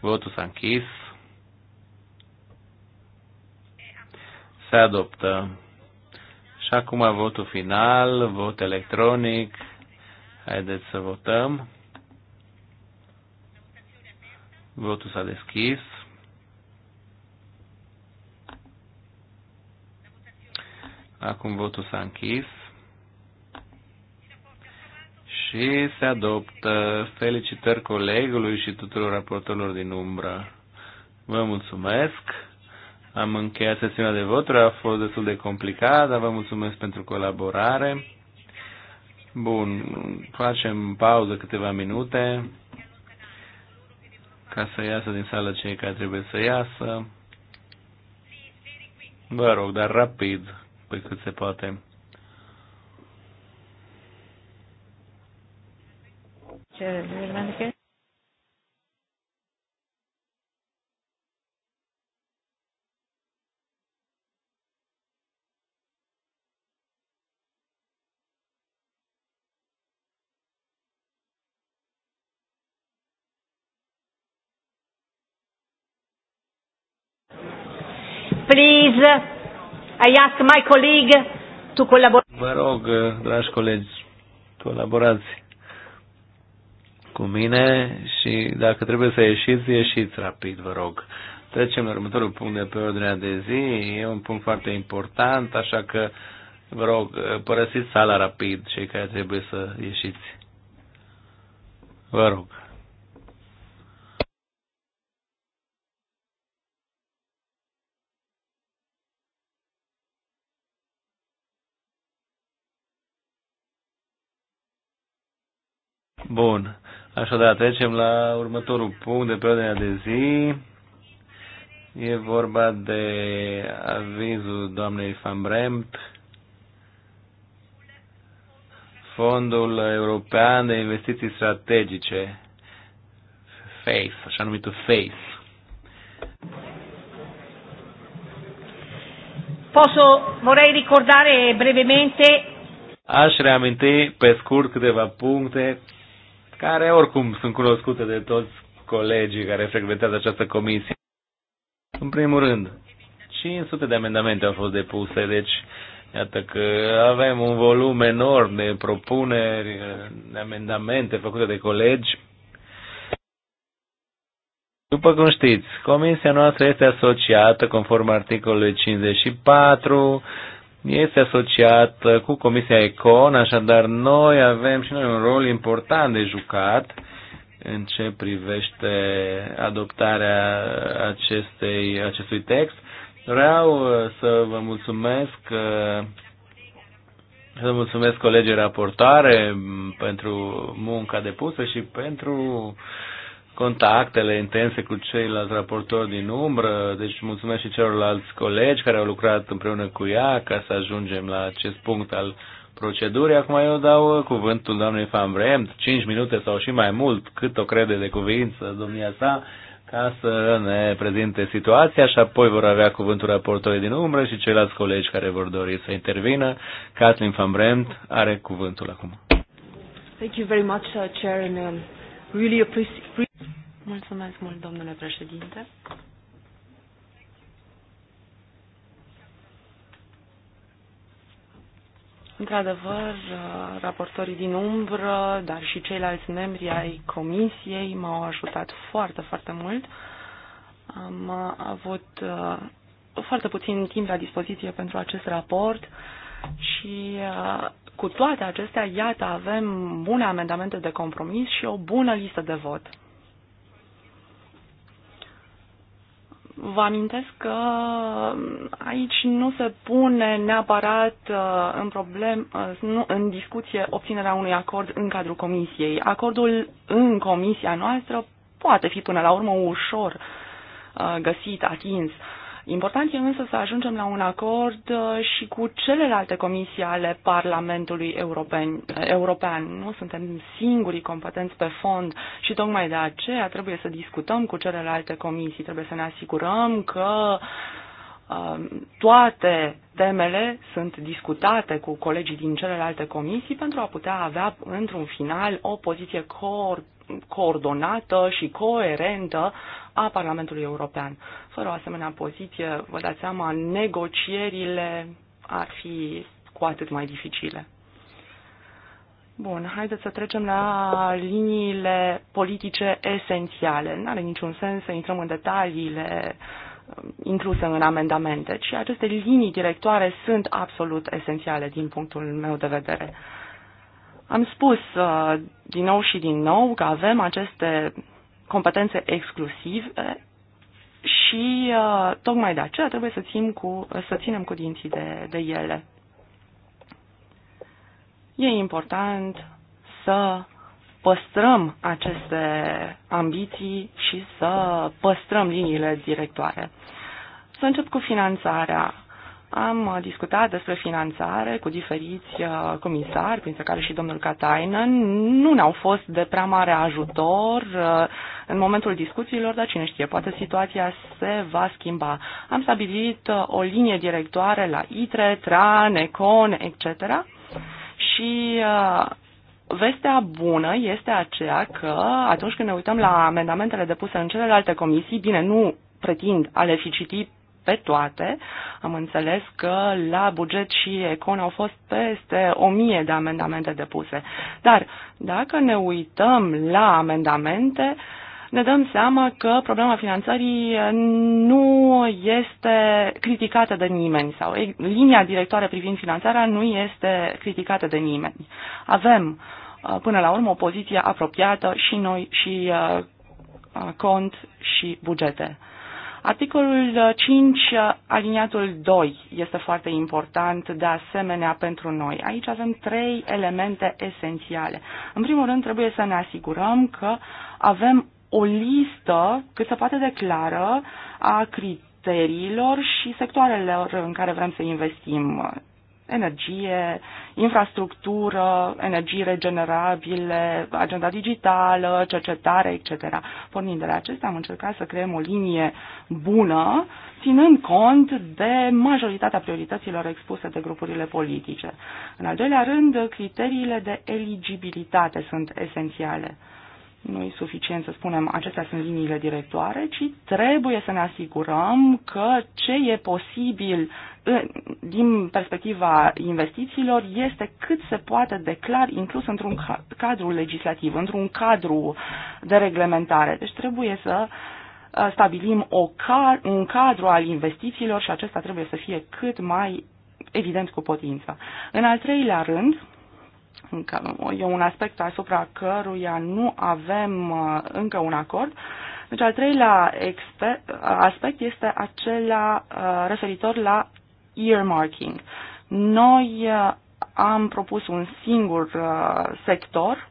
Votul s-a închis. Se adoptă. Și acum votul final, vot electronic. Haideți să votăm. Votul s-a deschis. Acum votul s-a închis. Și se adoptă. Felicitări colegului și tuturor raportorilor din umbră. Vă mulțumesc. Am încheiat sesiunea de voturi, a fost destul de complicat, dar vă mulțumesc pentru colaborare. Bun, facem pauză câteva minute ca să iasă din sală cei care trebuie să iasă. Vă rog, dar rapid, pe cât se poate. Ce, I ask my colleague to collaborate. Vă rog, dragi colegi, colaborați cu mine și dacă trebuie să ieșiți, ieșiți rapid, vă rog. Trecem la următorul punct de pe ordinea de zi. E un punct foarte important, așa că vă rog, părăsiți sala rapid, cei care trebuie să ieșiți. Vă rog. Bun. Așadar, trecem la următorul punct de pe ordinea de zi. E vorba de avizul doamnei Van Bremt, Fondul European de Investiții Strategice, FACE, așa numitul FACE. Posso, vorrei ricordare brevemente. Aș reaminti pe scurt câteva puncte care oricum sunt cunoscute de toți colegii care frecventează această comisie. În primul rând, 500 de amendamente au fost depuse, deci iată că avem un volum enorm de propuneri, de amendamente făcute de colegi. După cum știți, comisia noastră este asociată conform articolului 54 este asociat cu Comisia Econ, așadar noi avem și noi un rol important de jucat în ce privește adoptarea acestei, acestui text. Vreau uh, să vă mulțumesc uh, să mulțumesc colegii raportoare mm, pentru munca depusă și pentru uh, contactele intense cu ceilalți raportori din umbră, deci mulțumesc și celorlalți colegi care au lucrat împreună cu ea ca să ajungem la acest punct al procedurii. Acum eu dau cuvântul doamnei Van Bremt, 5 minute sau și mai mult, cât o crede de cuvință domnia sa, ca să ne prezinte situația și apoi vor avea cuvântul raportorii din umbră și ceilalți colegi care vor dori să intervină. Kathleen Van Bremt are cuvântul acum. Thank you very much, uh, Chair, and, um, really appreciate. Mulțumesc mult, domnule președinte. Într-adevăr, raportorii din umbră, dar și ceilalți membri ai comisiei m-au ajutat foarte, foarte mult. Am avut uh, foarte puțin timp la dispoziție pentru acest raport și uh, cu toate acestea, iată, avem bune amendamente de compromis și o bună listă de vot. Vă amintesc că aici nu se pune neapărat uh, în, problem, uh, nu, în discuție obținerea unui acord în cadrul comisiei. Acordul în comisia noastră poate fi până la urmă ușor uh, găsit, atins. Uh, Important e însă să ajungem la un acord uh, și cu celelalte comisii ale Parlamentului European. European. Nu suntem singurii competenți pe fond și tocmai de aceea trebuie să discutăm cu celelalte comisii, trebuie să ne asigurăm că uh, toate temele sunt discutate cu colegii din celelalte comisii pentru a putea avea într-un final o poziție coordonată și coerentă a Parlamentului European. Fără o asemenea poziție, vă dați seama, negocierile ar fi cu atât mai dificile. Bun, haideți să trecem la liniile politice esențiale. Nu are niciun sens să intrăm în detaliile um, incluse în amendamente, ci aceste linii directoare sunt absolut esențiale din punctul meu de vedere. Am spus uh, din nou și din nou că avem aceste competențe exclusive și tocmai de aceea trebuie să, țin cu, să ținem cu dinții de, de ele. E important să păstrăm aceste ambiții și să păstrăm liniile directoare. Să încep cu finanțarea. Am uh, discutat despre finanțare cu diferiți uh, comisari, printre care și domnul Katainen. Nu ne-au fost de prea mare ajutor uh, în momentul discuțiilor, dar cine știe, poate situația se va schimba. Am stabilit o linie directoare la ITRE, TRAN, ECON, etc. Și vestea bună este aceea că atunci când ne uităm la amendamentele depuse în celelalte comisii, bine, nu pretind a le fi citit pe toate. Am înțeles că la buget și econ au fost peste o mie de amendamente depuse. Dar dacă ne uităm la amendamente, ne dăm seama că problema finanțării nu este criticată de nimeni sau linia directoare privind finanțarea nu este criticată de nimeni. Avem uh, până la urmă o poziție apropiată și noi și uh, cont și bugete. Articolul 5, uh, uh, aliniatul 2, este foarte important de asemenea pentru noi. Aici avem trei elemente esențiale. În primul rând, trebuie să ne asigurăm că avem o listă cât se poate de clară a criteriilor și sectoarelor în care vrem să investim energie, infrastructură, energii regenerabile, agenda digitală, cercetare, etc. Pornind de la acestea, am încercat să creăm o linie bună, ținând cont de majoritatea priorităților expuse de grupurile politice. În al doilea rând, criteriile de eligibilitate sunt esențiale nu e suficient să spunem acestea sunt liniile directoare, ci trebuie să ne asigurăm că ce e posibil din perspectiva investițiilor este cât se poate de clar inclus într-un cadru legislativ, într-un cadru de reglementare. Deci trebuie să uh, stabilim o car, un cadru al investițiilor și acesta trebuie să fie cât mai evident cu potință. În al treilea rând, e un aspect asupra căruia nu avem uh, încă un acord, deci al treilea uh, aspect este acela referitor la earmarking. Noi uh, am propus un singur uh, sector.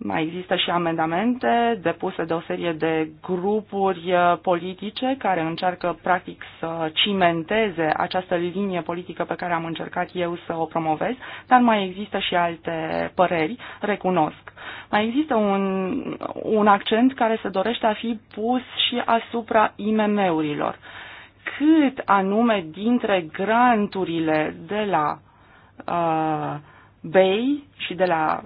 Mai există și amendamente depuse de o serie de grupuri uh, politice care încearcă practic să cimenteze această linie politică pe care am încercat eu să o promovez, dar mai există și alte păreri, recunosc. Mai există un, un accent care se dorește a fi pus și asupra IMM-urilor. Uh, cât anume dintre granturile de la uh, BEI și de la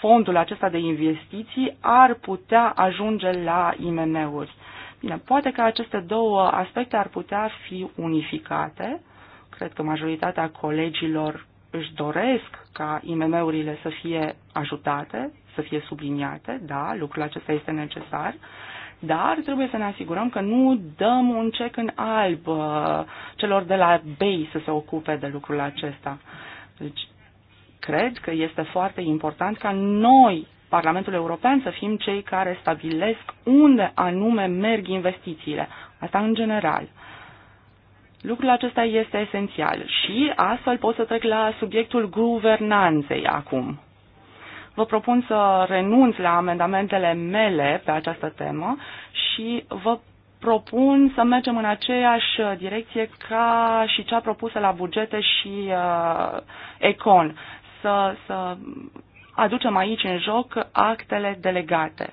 fondul acesta de investiții ar putea ajunge la IMM-uri. Bine, poate că aceste două aspecte ar putea fi unificate. Cred că majoritatea colegilor își doresc ca IMM-urile să fie ajutate, să fie subliniate, da, lucrul acesta este necesar, dar trebuie să ne asigurăm că nu dăm un cec în alb uh, celor de la BEI să se ocupe de lucrul acesta. Deci, cred că este foarte important ca noi, Parlamentul European, să fim cei care stabilesc unde anume merg investițiile. Asta în general. Lucrul acesta este esențial și astfel pot să trec la subiectul guvernanței acum vă propun să renunț la amendamentele mele pe această temă și vă propun să mergem în aceeași direcție ca și cea propusă la bugete și uh, econ, să, să aducem aici în joc actele delegate.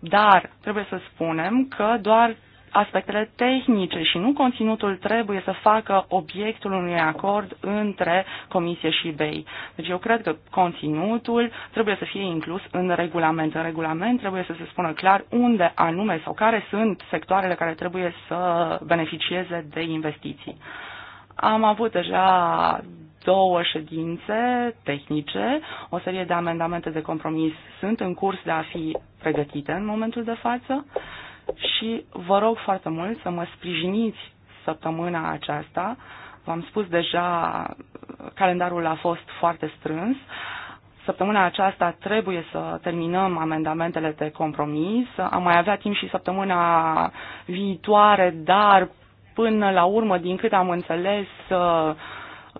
Dar trebuie să spunem că doar aspectele tehnice și nu conținutul trebuie să facă obiectul unui acord între Comisie și BEI. Deci eu cred că conținutul trebuie să fie inclus în regulament. În regulament trebuie să se spună clar unde anume sau care sunt sectoarele care trebuie să beneficieze de investiții. Am avut deja două ședințe tehnice, o serie de amendamente de compromis sunt în curs de a fi pregătite în momentul de față și vă rog foarte mult să mă sprijiniți săptămâna aceasta. V-am spus deja, calendarul a fost foarte strâns. Săptămâna aceasta trebuie să terminăm amendamentele de compromis. Am mai avea timp și săptămâna viitoare, dar până la urmă, din cât am înțeles, uh,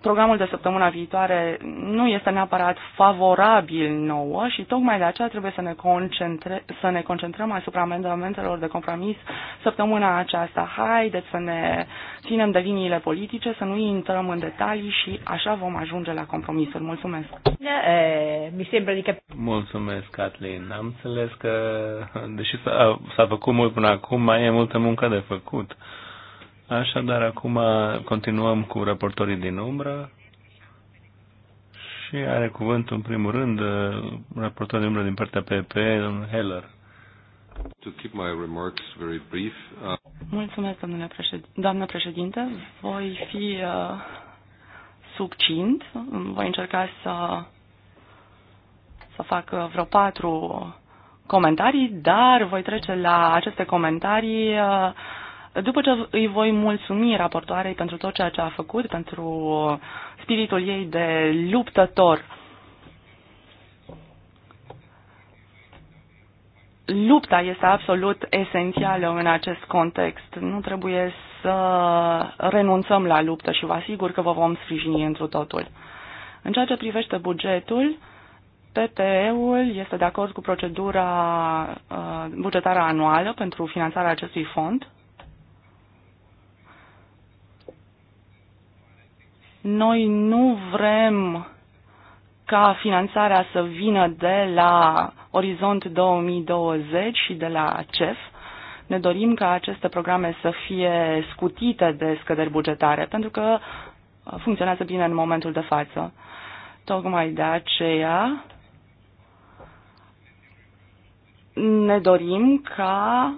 programul de săptămâna viitoare nu este neapărat favorabil nouă și tocmai de aceea trebuie să ne, concentre, să ne concentrăm asupra amendamentelor de compromis săptămâna aceasta. Haideți să ne ținem de liniile politice, să nu intrăm în detalii și așa vom ajunge la compromisul Mulțumesc! Da, eh, mi se că... Mulțumesc, Catlin. Am înțeles că, deși s-a, făcut mult până acum, mai e multă muncă de făcut. Așadar, acum continuăm cu raportorii din umbră și are cuvântul în primul rând raportorul din umbră din partea PP, domnul Heller. To keep my remarks very brief. Uh... Mulțumesc, domnule președinte. Doamnă președinte, voi fi uh, succint, voi încerca să, să fac vreo patru comentarii, dar voi trece la aceste comentarii uh, după ce îi voi mulțumi raportoarei pentru tot ceea ce a făcut, pentru spiritul ei de luptător, lupta este absolut esențială în acest context. Nu trebuie să renunțăm la luptă și vă asigur că vă vom sprijini întru totul. În ceea ce privește bugetul, tte ul este de acord cu procedura uh, bugetară anuală pentru finanțarea acestui fond. Noi nu vrem ca finanțarea să vină de la Orizont 2020 și de la CEF. Ne dorim ca aceste programe să fie scutite de scăderi bugetare, pentru că funcționează bine în momentul de față. Tocmai de aceea ne dorim ca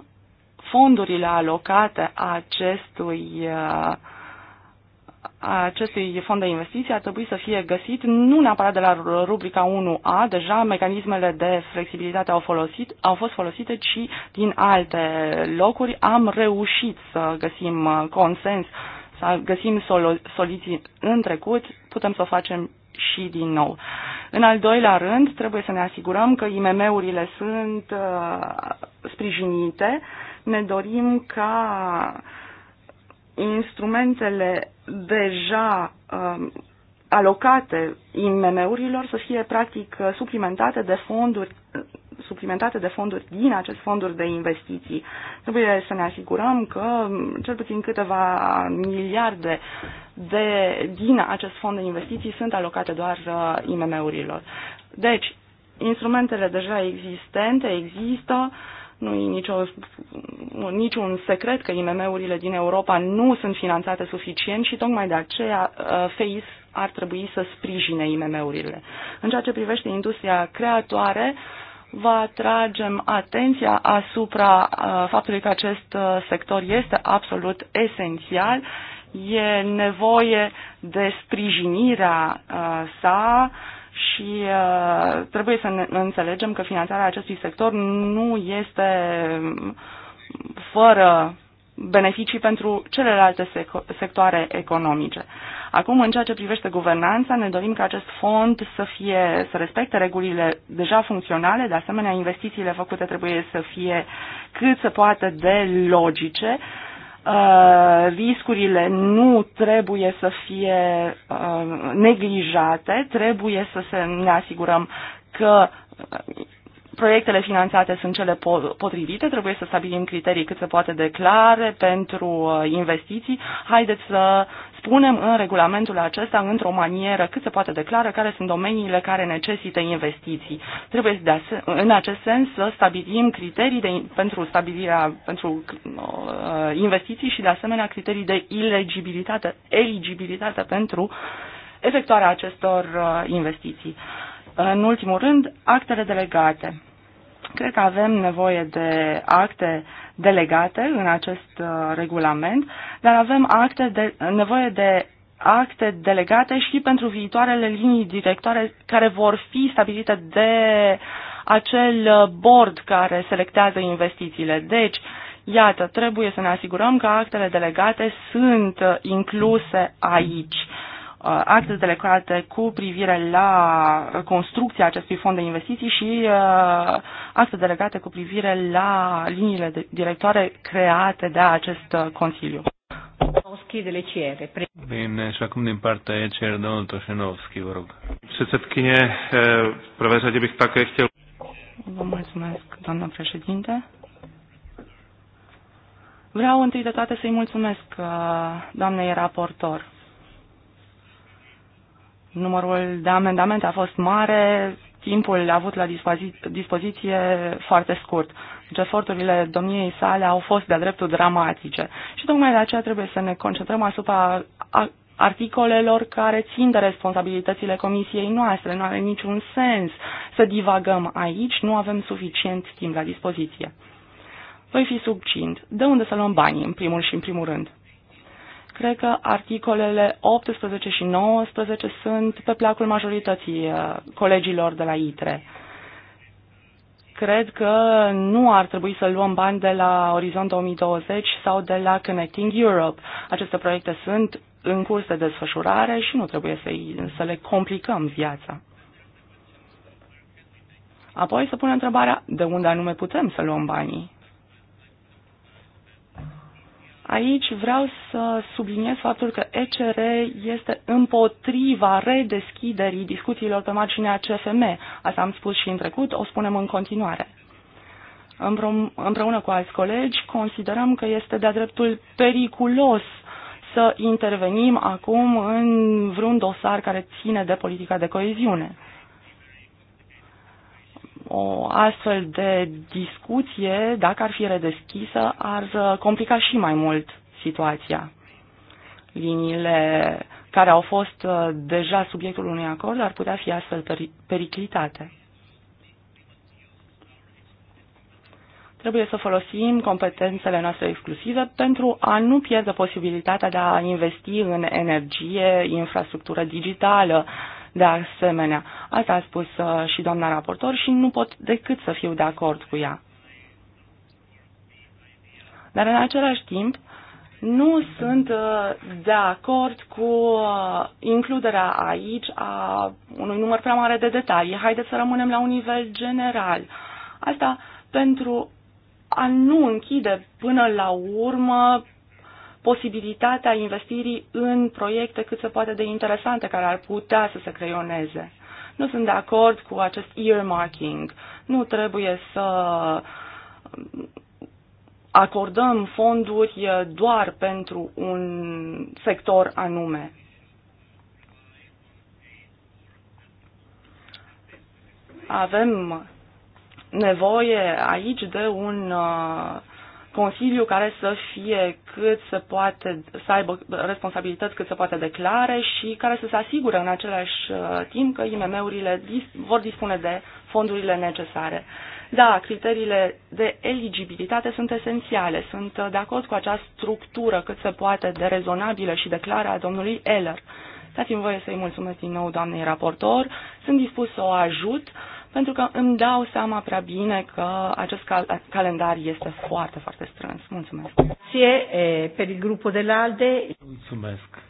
fondurile alocate acestui uh, acestui fond de investiții ar trebui să fie găsit nu neapărat de la rubrica 1A, deja mecanismele de flexibilitate au, folosit, au fost folosite, ci din alte locuri am reușit să găsim consens, să găsim soluții în trecut, putem să o facem și din nou. În al doilea rând, trebuie să ne asigurăm că IMM-urile sunt uh, sprijinite. Ne dorim ca uh, instrumentele deja uh, alocate IMM-urilor să fie practic suplimentate de fonduri suplimentate de fonduri din acest fonduri de investiții. Trebuie să ne asigurăm că cel puțin câteva miliarde de, din acest fond de investiții sunt alocate doar uh, IMM-urilor. Deci, instrumentele deja existente există, uh, nu e nicio, niciun secret că IMM-urile din Europa nu sunt finanțate suficient și tocmai de aceea uh, FEIS ar trebui să sprijine IMM-urile. În ceea ce privește industria creatoare, vă atragem atenția asupra uh, faptului că acest uh, sector este absolut esențial. E nevoie de sprijinirea sa uh, și uh, trebuie să ne înțelegem că finanțarea acestui sector nu este fără beneficii pentru celelalte sectoare economice. Acum, în ceea ce privește guvernanța, ne dorim ca acest fond să, fie, să respecte regulile deja funcționale, de asemenea, investițiile făcute trebuie să fie cât se poate de logice, uh, Uh, riscurile nu trebuie să fie uh, neglijate, trebuie să se, ne asigurăm că proiectele finanțate sunt cele potrivite, trebuie să stabilim criterii cât se poate de clare pentru uh, investiții. Haideți să spunem în regulamentul acesta, într-o manieră cât se poate de clară, care sunt domeniile care necesită investiții. Trebuie să, în acest sens să stabilim criterii de, pentru stabilirea pentru uh, investiții și de asemenea criterii de ilegibilitate, eligibilitate pentru efectuarea acestor uh, investiții. În ultimul rând, actele delegate. Cred că avem nevoie de acte delegate în acest uh, regulament, dar avem acte de, nevoie de acte delegate și pentru viitoarele linii directoare care vor fi stabilite de acel uh, board care selectează investițiile. Deci, iată, trebuie să ne asigurăm că actele delegate sunt uh, incluse aici. Uh, Uh, acte delegate cu privire la construcția acestui fond de investiții și uh, acte delegate cu privire la liniile directoare create de acest uh, Consiliu. de Bine, și acum din partea ECR, domnul Toșenovski, vă rog. Předsedkyně, eh, v bych také chtěl... Vă mulțumesc, doamna președinte. Vreau întâi de toate să-i mulțumesc doamnei raportor numărul de amendamente a fost mare, timpul avut la dispoziție, dispoziție foarte scurt. Deci eforturile domniei sale au fost de-a dreptul dramatice. Și tocmai de aceea trebuie să ne concentrăm asupra articolelor care țin de responsabilitățile comisiei noastre. Nu are niciun sens să divagăm aici, nu avem suficient timp la dispoziție. Voi fi subcind. De unde să luăm banii, în primul și în primul rând? Cred că articolele 18 și 19 sunt pe placul majorității uh, colegilor de la ITRE. Cred că nu ar trebui să luăm bani de la Orizont 2020 sau de la Connecting Europe. Aceste proiecte sunt în curs de desfășurare și nu trebuie să, să le complicăm viața. Apoi să punem întrebarea de unde anume putem să luăm banii. Aici vreau să subliniez faptul că ECR este împotriva redeschiderii discuțiilor pe marginea CFM. Asta am spus și în trecut, o spunem în continuare. Împreună cu alți colegi, considerăm că este de-a dreptul periculos să intervenim acum în vreun dosar care ține de politica de coeziune. O astfel de discuție, dacă ar fi redeschisă, ar complica și mai mult situația. Liniile care au fost uh, deja subiectul unui acord ar putea fi astfel periclitate. Trebuie să folosim competențele noastre exclusive pentru a nu pierde posibilitatea de a investi în energie, infrastructură digitală, uh, de asemenea. Asta a spus uh, și doamna raportor și nu pot decât să fiu de acord cu ea. Dar în același timp, nu sunt uh, de acord cu uh, includerea aici a unui număr prea mare de detalii. Haideți să rămânem la un nivel general. Asta pentru a nu închide până la urmă posibilitatea investirii în proiecte cât se poate de interesante care ar putea să se creioneze. Nu sunt de acord cu acest earmarking. Nu trebuie să acordăm fonduri doar pentru un sector anume. Avem nevoie aici de un uh, consiliu care să fie cât se poate, să aibă responsabilități cât se poate declare și care să se asigure în același uh, timp că IMM-urile vor dispune de fondurile necesare. Da, criteriile de eligibilitate sunt esențiale. Sunt uh, de acord cu această structură cât se poate de rezonabilă și de clară a domnului Eller. Dați-mi voie să-i mulțumesc din nou doamnei raportor. Sunt dispus să o ajut. Uh, pentru că îmi dau seama prea bine că acest cal- calendar este foarte, foarte strâns. Mulțumesc. Ție, eh, pe grupul de la ALDE. Mulțumesc.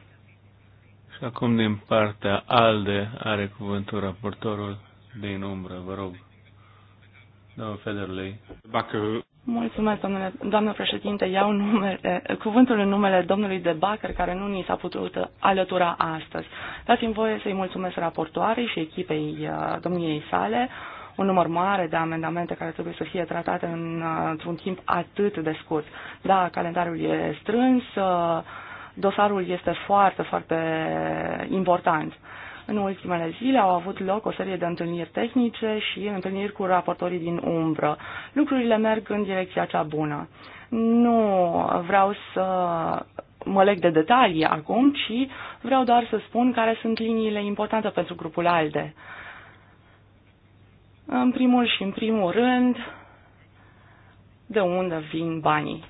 Și acum din partea ALDE are cuvântul raportorul din umbră, vă rog. Domnul Federley. Dacă Mulțumesc, domnule, doamnă președinte. Iau numele, eh, cuvântul în numele domnului de Bacher, care nu ni s-a putut alătura astăzi. Dați-mi voie să-i mulțumesc raportoarei și echipei eh, domniei sale. Un număr mare de amendamente care trebuie să fie tratate în, eh, într-un timp atât de scurt. Da, calendarul e strâns, dosarul este foarte, foarte important. În ultimele zile au avut loc o serie de întâlniri tehnice și întâlniri cu raportorii din umbră. Lucrurile merg în direcția cea bună. Nu vreau să mă leg de detalii acum, ci vreau doar să spun care sunt liniile importante pentru grupul ALDE. În primul și în primul rând, de unde vin banii.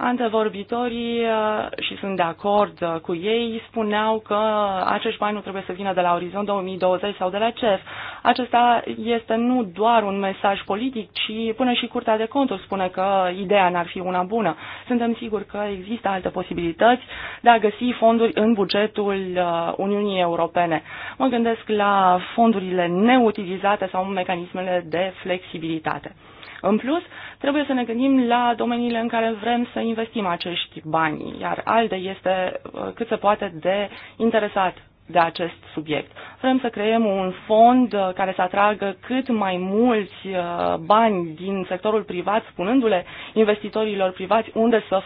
Antevorbitorii, uh, și sunt de acord uh, cu ei, spuneau că acești bani nu trebuie să vină de la Orizont 2020 sau de la CEF. Acesta este nu doar un mesaj politic, ci până și Curtea de Conturi spune că ideea n-ar fi una bună. Suntem siguri că există alte posibilități de a găsi fonduri în bugetul uh, Uniunii Europene. Mă gândesc la fondurile neutilizate sau mecanismele de flexibilitate. În plus, trebuie să ne gândim la domeniile în care vrem să investim acești bani, iar ALDE este uh, cât se poate de interesat de acest subiect. Vrem să creăm un fond uh, care să atragă cât mai mulți uh, bani din sectorul privat, spunându-le investitorilor privați unde să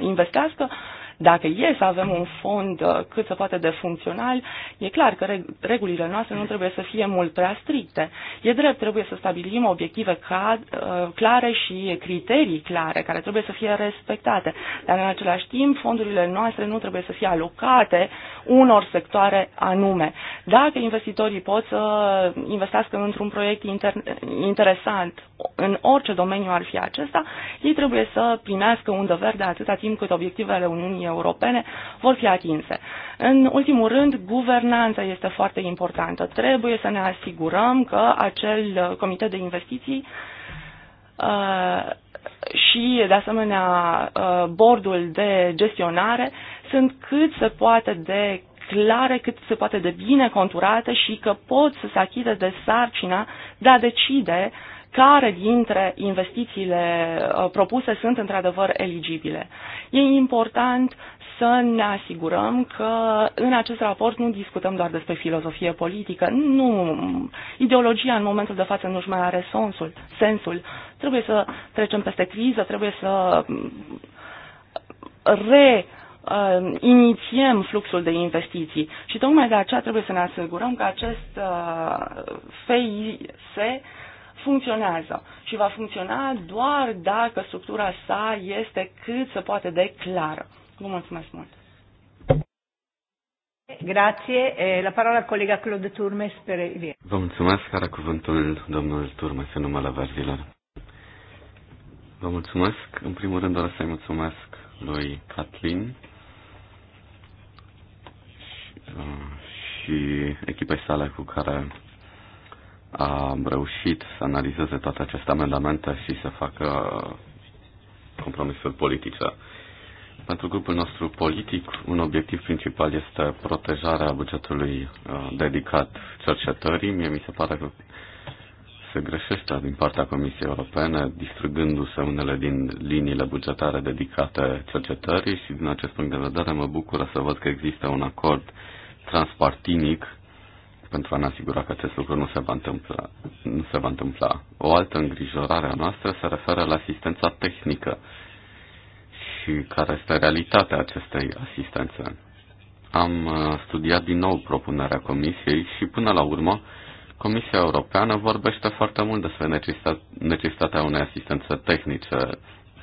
investească, dacă e să avem un fond uh, cât se poate de funcțional, e clar că regulile noastre nu trebuie să fie mult prea stricte. E drept, trebuie să stabilim obiective uh, clare și criterii clare care trebuie să fie respectate. Dar în același timp, fondurile noastre nu trebuie să fie alocate unor sectoare anume. Dacă investitorii pot să investească într-un proiect inter- interesant, în orice domeniu ar fi acesta, ei trebuie să primească undă verde atâta timp cât obiectivele Uniunii Europene vor fi atinse. În ultimul rând, guvernanța este foarte importantă. Trebuie să ne asigurăm că acel comitet de investiții uh, și, de asemenea, uh, bordul de gestionare sunt cât se poate de clare, cât se poate de bine conturate și că pot să se achide de sarcina de a decide uh, care dintre investițiile uh, propuse sunt într-adevăr eligibile. E important să ne asigurăm că în acest raport nu discutăm doar despre filozofie politică. Nu, ideologia în momentul de față nu-și mai are sensul. sensul. Trebuie să trecem peste criză, trebuie să mm, re uh, inițiem fluxul de investiții și tocmai de aceea trebuie să ne asigurăm că acest uh, FIS funcționează și va funcționa doar dacă structura sa este cât se poate de clară. Vă mulțumesc mult! Grazie. La parola al collega Claude Turmes per il Vă mulțumesc. Are cuvântul domnul Turmes în numele verzilor. Vă mulțumesc. În primul rând doresc să-i mulțumesc lui Catlin și, uh, și echipei sale cu care a reușit să analizeze toate aceste amendamente și să facă compromisuri politice. Pentru grupul nostru politic, un obiectiv principal este protejarea bugetului uh, dedicat cercetării. Mie mi se pare că se greșește din partea Comisiei Europene, distrugându-se unele din liniile bugetare dedicate cercetării și din acest punct de vedere mă bucură să văd că există un acord transpartinic pentru a ne asigura că acest lucru nu se va întâmpla. Nu se va întâmpla. O altă îngrijorare a noastră se referă la asistența tehnică și care este realitatea acestei asistențe. Am uh, studiat din nou propunerea Comisiei și până la urmă Comisia Europeană vorbește foarte mult despre necesitatea unei asistențe tehnice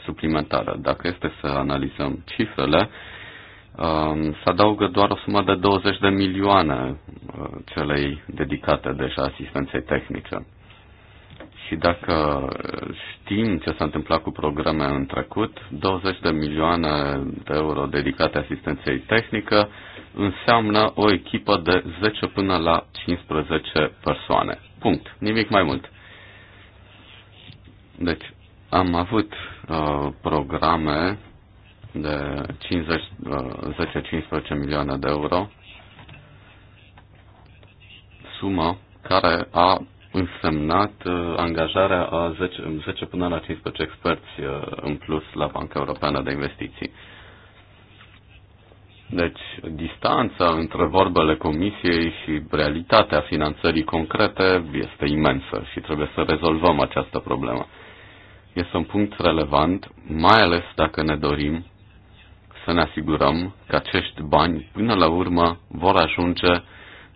suplimentară. Dacă este să analizăm cifrele, Um, se adaugă doar o sumă de 20 de milioane uh, celei dedicate deja asistenței tehnice. Și dacă știm ce s-a întâmplat cu programe în trecut, 20 de milioane de euro dedicate asistenței tehnică înseamnă o echipă de 10 până la 15 persoane. Punct. Nimic mai mult. Deci, am avut uh, programe de 10-15 milioane de euro, sumă care a însemnat uh, angajarea a 10, 10 până la 15 experți uh, în plus la Banca Europeană de Investiții. Deci, distanța între vorbele Comisiei și realitatea finanțării concrete este imensă și trebuie să rezolvăm această problemă. Este un punct relevant, mai ales dacă ne dorim să ne asigurăm că acești bani până la urmă vor ajunge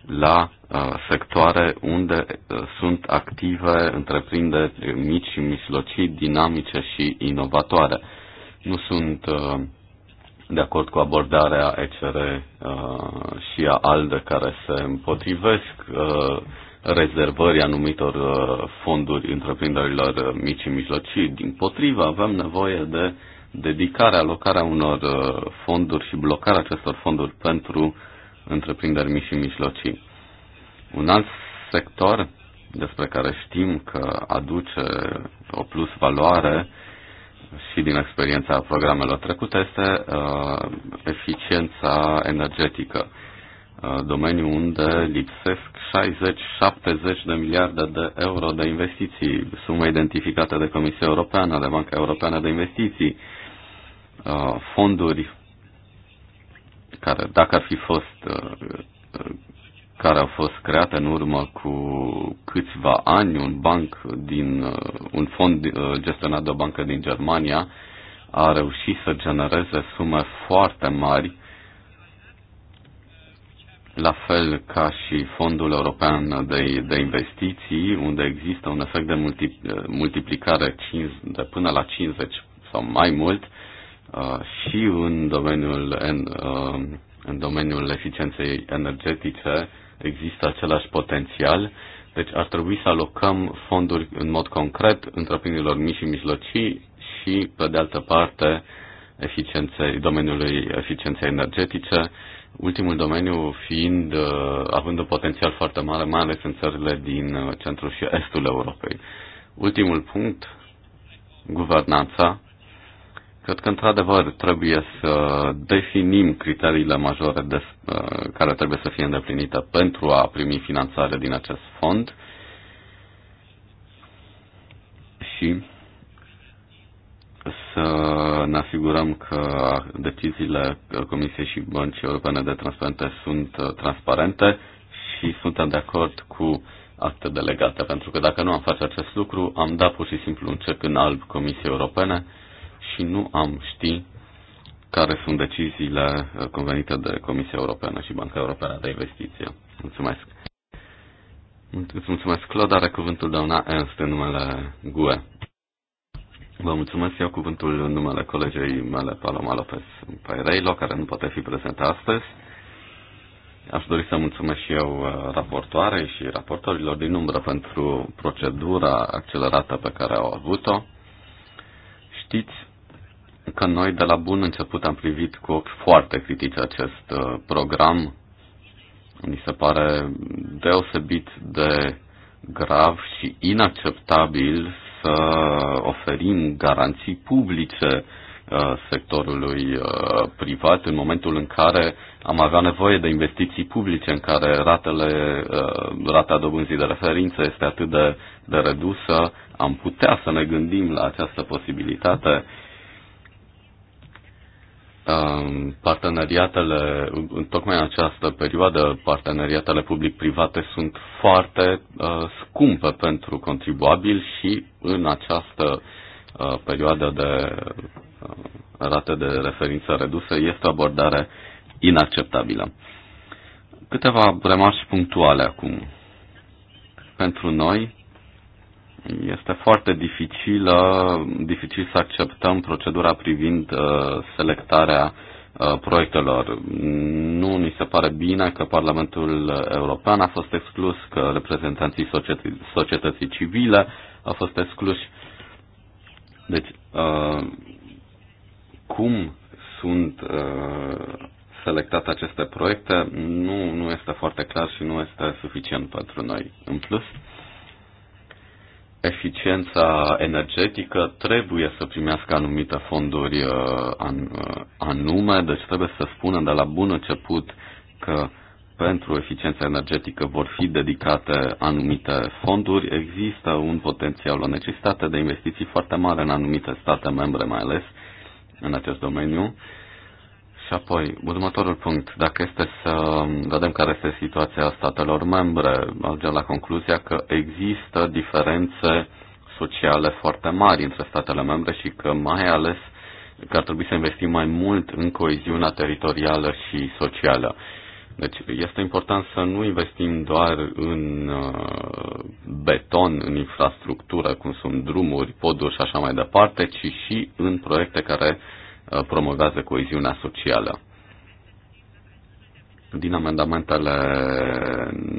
la uh, sectoare unde uh, sunt active întreprinderi mici și mislocii, dinamice și inovatoare. Nu sunt uh, de acord cu abordarea ECR și a ALDE care se împotrivesc rezervării anumitor fonduri întreprinderilor mici și mijlocii. Din potrivă, avem nevoie de uh, dedicarea, alocarea unor uh, fonduri și blocarea acestor fonduri pentru întreprinderi mici și mijlocii. Un alt sector despre care știm că aduce o plus valoare și din experiența programelor trecute este uh, eficiența energetică, uh, domeniu unde lipsesc 60-70 de miliarde de euro de investiții, sumă identificată de Comisia Europeană, de Banca Europeană de Investiții, uh, Uh, fonduri care, dacă ar fi fost, uh, uh, care au fost create în urmă cu câțiva ani, un banc din, un fond gestionat de o bancă din Germania a reușit să genereze sume foarte mari, la fel ca și Fondul European de, de Investiții, unde există un efect de multiplicare 5, de până la 50 sau mai mult, Uh, și în domeniul, în, uh, în domeniul eficienței energetice există același potențial. Deci ar trebui să alocăm fonduri în mod concret întreprinderilor mici și mijlocii și, pe de altă parte, eficienței, domeniului eficienței energetice, ultimul domeniu fiind, uh, având un potențial foarte mare, mai ales în țările din centrul și estul Europei. Ultimul punct, guvernanța. Cred că, într-adevăr, trebuie să definim criteriile majore de, uh, care trebuie să fie îndeplinite pentru a primi finanțare din acest fond și să ne asigurăm că deciziile Comisiei și Băncii Europene de Transparente sunt uh, transparente și suntem de acord cu acte delegate, pentru că dacă nu am face acest lucru, am dat pur și simplu un cec în alb Comisiei Europene și nu am ști care sunt deciziile uh, convenite de Comisia Europeană și Banca Europeană de Investiție. Mulțumesc. Îți mulțumesc, Claude. Are cuvântul doamna Ernst în numele GUE. Vă mulțumesc. Iau cuvântul în numele colegei mele, Paloma Lopez Paireilo, care nu poate fi prezentă astăzi. Aș dori să mulțumesc și eu uh, raportoarei și raportorilor din umbră pentru procedura accelerată pe care au avut-o. Știți că noi de la bun început am privit cu ochi foarte critici acest uh, program. Mi se pare deosebit de grav și inacceptabil să oferim garanții publice uh, sectorului uh, privat în momentul în care am avea nevoie de investiții publice în care ratele, rata dobânzii de referință este atât de, de redusă, am putea să ne gândim la această posibilitate Um, parteneriatele, tocmai în această perioadă, parteneriatele public-private sunt foarte uh, scumpe pentru contribuabil și în această uh, perioadă de uh, rate de referință reduse este o abordare inacceptabilă. Câteva remarci punctuale acum. Pentru noi, este foarte dificilă, dificil să acceptăm procedura privind uh, selectarea uh, proiectelor. Nu ni se pare bine că Parlamentul European a fost exclus, că reprezentanții societății, societății civile au fost excluși. Deci, uh, cum sunt selectate aceste proiecte nu, nu este foarte clar și nu este suficient pentru noi. În plus, eficiența energetică trebuie să primească anumite fonduri uh, uh, anume, deci trebuie să spunem de la bun început că pentru eficiența energetică vor fi dedicate anumite fonduri. Există un potențial, o necesitate de investiții foarte mare în anumite state membre, mai ales în acest domeniu. Și apoi, următorul punct, dacă este să vedem care este situația statelor membre, ajungem la concluzia că există diferențe sociale foarte mari între statele membre și că mai ales că ar trebui să investim mai mult în coeziunea teritorială și socială. Deci este important să nu investim doar în uh, beton, în infrastructură, cum sunt drumuri, poduri și așa mai departe, ci și în proiecte care Uh, promovează coeziunea socială. Din amendamentele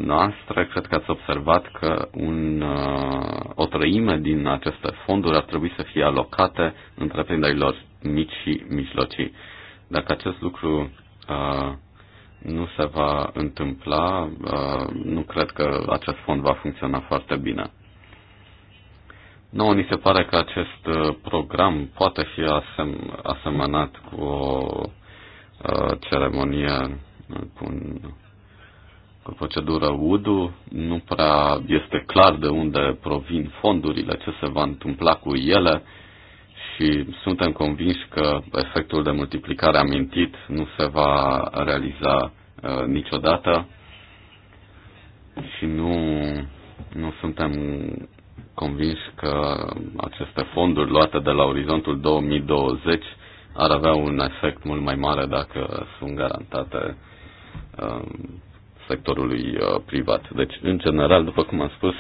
noastre, cred că ați observat că un, uh, o trăime din aceste fonduri ar trebui să fie alocate întreprinderilor mici și mijlocii. Dacă acest lucru uh, nu se va întâmpla, nu cred că acest fond va funcționa foarte bine. Nu ni se pare că acest uh, program poate fi asem- asemănat cu o uh, ceremonie, cu, un, cu o procedură UDU. Nu prea este clar de unde provin fondurile, ce se va întâmpla cu ele și suntem convinși că efectul de multiplicare amintit nu se va realiza uh, niciodată și nu, nu suntem convins că aceste fonduri luate de la orizontul 2020 ar avea un efect mult mai mare dacă sunt garantate um, sectorului uh, privat. Deci, în general, după cum am spus,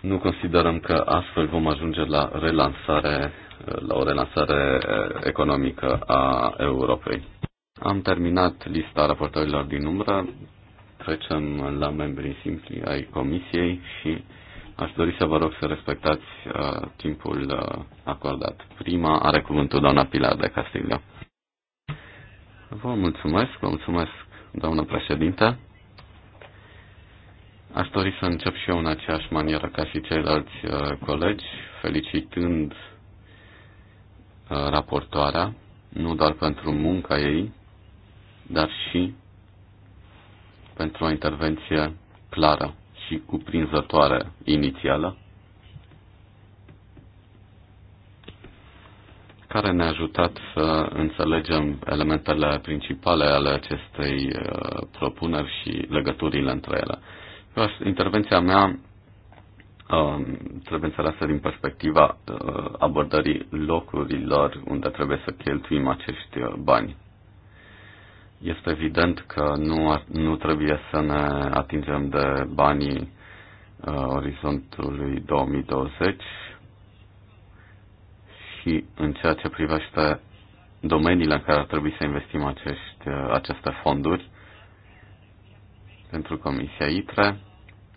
nu considerăm că astfel vom ajunge la relansare, la o relansare uh, economică a Europei. Am terminat lista raportărilor din umbră trecem la membrii simpli ai comisiei și aș dori să vă rog să respectați uh, timpul uh, acordat. Prima are cuvântul doamna Pilar de Castillo. Vă mulțumesc, vă mulțumesc, doamnă președinte. Aș dori să încep și eu în aceeași manieră ca și ceilalți uh, colegi, felicitând uh, raportoarea, nu doar pentru munca ei, dar și pentru o intervenție clară și cuprinzătoare inițială, care ne-a ajutat să înțelegem elementele principale ale acestei uh, propuneri și legăturile între ele. Intervenția mea um, trebuie înțeleasă din perspectiva uh, abordării locurilor unde trebuie să cheltuim acești uh, bani. Este evident că nu, ar, nu trebuie să ne atingem de banii uh, orizontului 2020 și în ceea ce privește domeniile în care ar trebui să investim acești, uh, aceste fonduri pentru Comisia ITRE,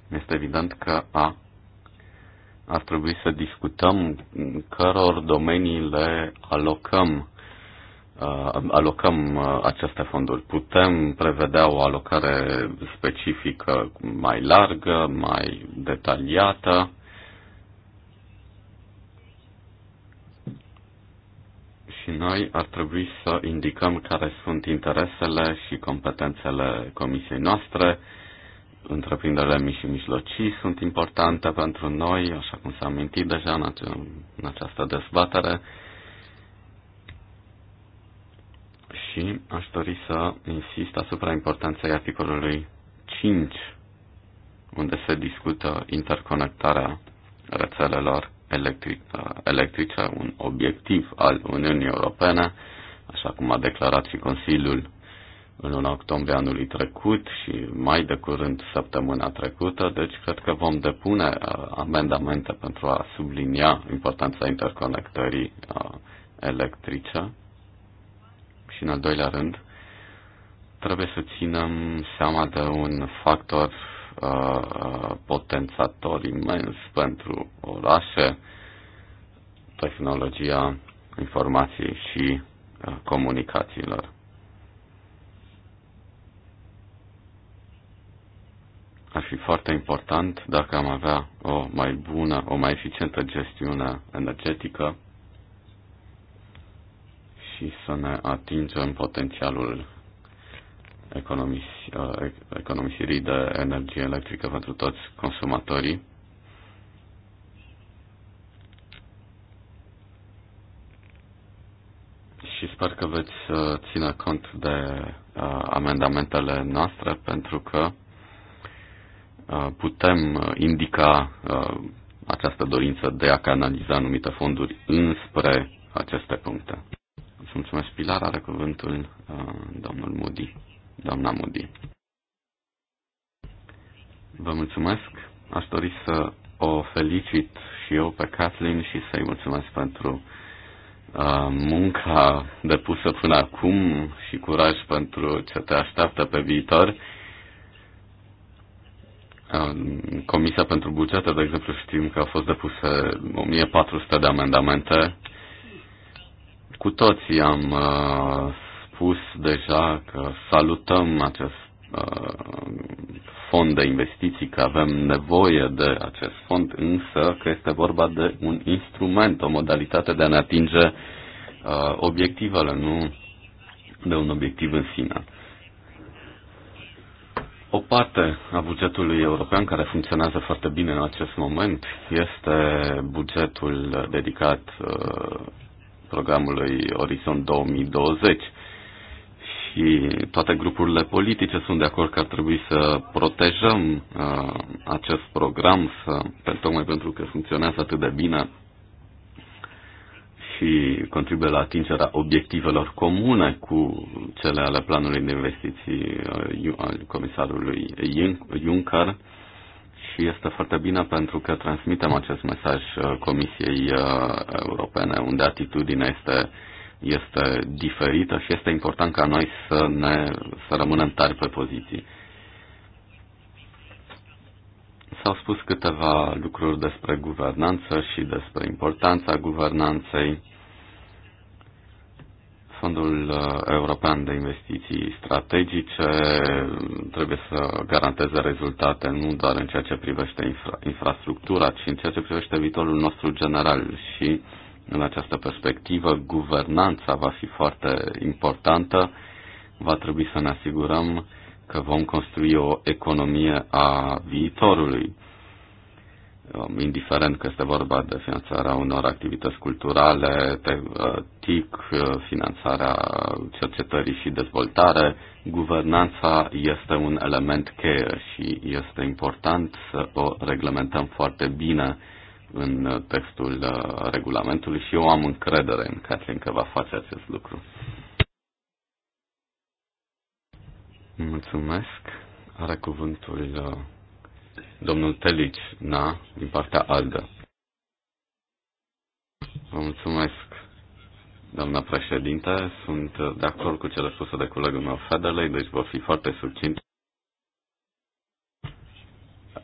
este evident că a, ar trebui să discutăm în căror domenii le alocăm Uh, alocăm uh, aceste fonduri? Putem prevedea o alocare specifică mai largă, mai detaliată? Și noi ar trebui să indicăm care sunt interesele și competențele comisiei noastre. Întreprinderile mici și mijlocii sunt importante pentru noi, așa cum s-a amintit deja în, în această dezbatere. Uh, și aș dori să insist asupra importanței articolului 5, unde se discută interconectarea rețelelor electrice, un obiectiv al Uniunii Europene, așa cum a declarat și Consiliul în luna octombrie anului trecut și mai de curând săptămâna trecută, deci cred că vom depune uh, amendamente pentru a sublinia importanța interconectării uh, electrice și în al doilea rând, trebuie să ținem seama de un factor uh, potențator imens pentru orașe, tehnologia informației și uh, comunicațiilor. ar fi foarte important dacă am avea o mai bună, o mai eficientă gestiune energetică și să ne atingem potențialul economis, uh, economisirii de energie electrică pentru toți consumatorii. Și sper că veți uh, ține cont de uh, amendamentele noastre pentru că putem indica această dorință de a canaliza anumite fonduri înspre aceste puncte. Îți mulțumesc, Pilar. Are cuvântul uh, domnul Moody, doamna Moody. Vă mulțumesc. Aș dori să o felicit și eu pe Kathleen și să-i mulțumesc pentru uh, munca depusă până acum și curaj pentru ce te așteaptă pe viitor. Uh, Comisia pentru bugete, de exemplu, știm că au fost depuse 1400 de amendamente cu toții am uh, spus deja că salutăm acest uh, fond de investiții, că avem nevoie de acest fond, însă că este vorba de un instrument, o modalitate de a ne atinge uh, obiectivele, nu de un obiectiv în sine. O parte a bugetului european care funcționează foarte bine în acest moment este bugetul dedicat uh, programului Orizont 2020 și toate grupurile politice sunt de acord că ar trebui să protejăm uh, acest program, să, tocmai pentru că funcționează atât de bine și contribuie la atingerea obiectivelor comune cu cele ale planului de investiții uh, al comisarului Juncker și este foarte bine pentru că transmitem acest mesaj uh, Comisiei uh, Europene, unde atitudinea este, este diferită și este important ca noi să, ne, să rămânem tari pe poziții. S-au spus câteva lucruri despre guvernanță și despre importanța guvernanței. Fondul uh, European de Investiții Strategice mm, trebuie să garanteze rezultate nu doar în ceea ce privește infra- infrastructura, ci în ceea ce privește viitorul nostru general și în această perspectivă guvernanța va fi foarte importantă. Va trebui să ne asigurăm că vom construi o economie a viitorului Um, indiferent că este vorba de finanțarea unor activități culturale, uh, TIC, uh, finanțarea cercetării și dezvoltare, guvernanța este un element cheie și este important să o reglementăm foarte bine în textul uh, regulamentului și eu am încredere în Catlin că va face acest lucru. Mulțumesc. Are cuvântul Domnul Telic, na, din partea ALDE. Vă mulțumesc, doamna președinte. Sunt de acord cu cele spuse de colegul meu Fedelei, deci vor fi foarte succint.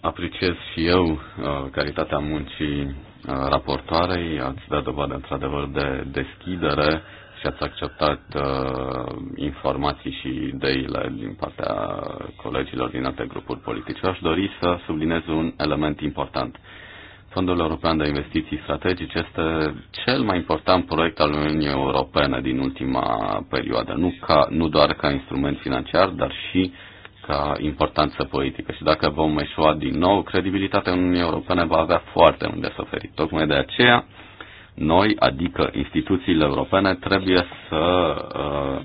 Apreciez și eu uh, calitatea muncii uh, raportoarei. Ați dat dovadă, într-adevăr, de deschidere și ați acceptat uh, informații și ideile din partea colegilor din alte grupuri politice. Aș dori să subliniez un element important. Fondul European de Investiții Strategice este cel mai important proiect al Uniunii Europene din ultima perioadă, nu, ca, nu doar ca instrument financiar, dar și ca importanță politică. Și dacă vom eșua din nou, credibilitatea Uniunii Europene va avea foarte unde să oferi. Tocmai de aceea, noi, adică instituțiile europene, trebuie să uh,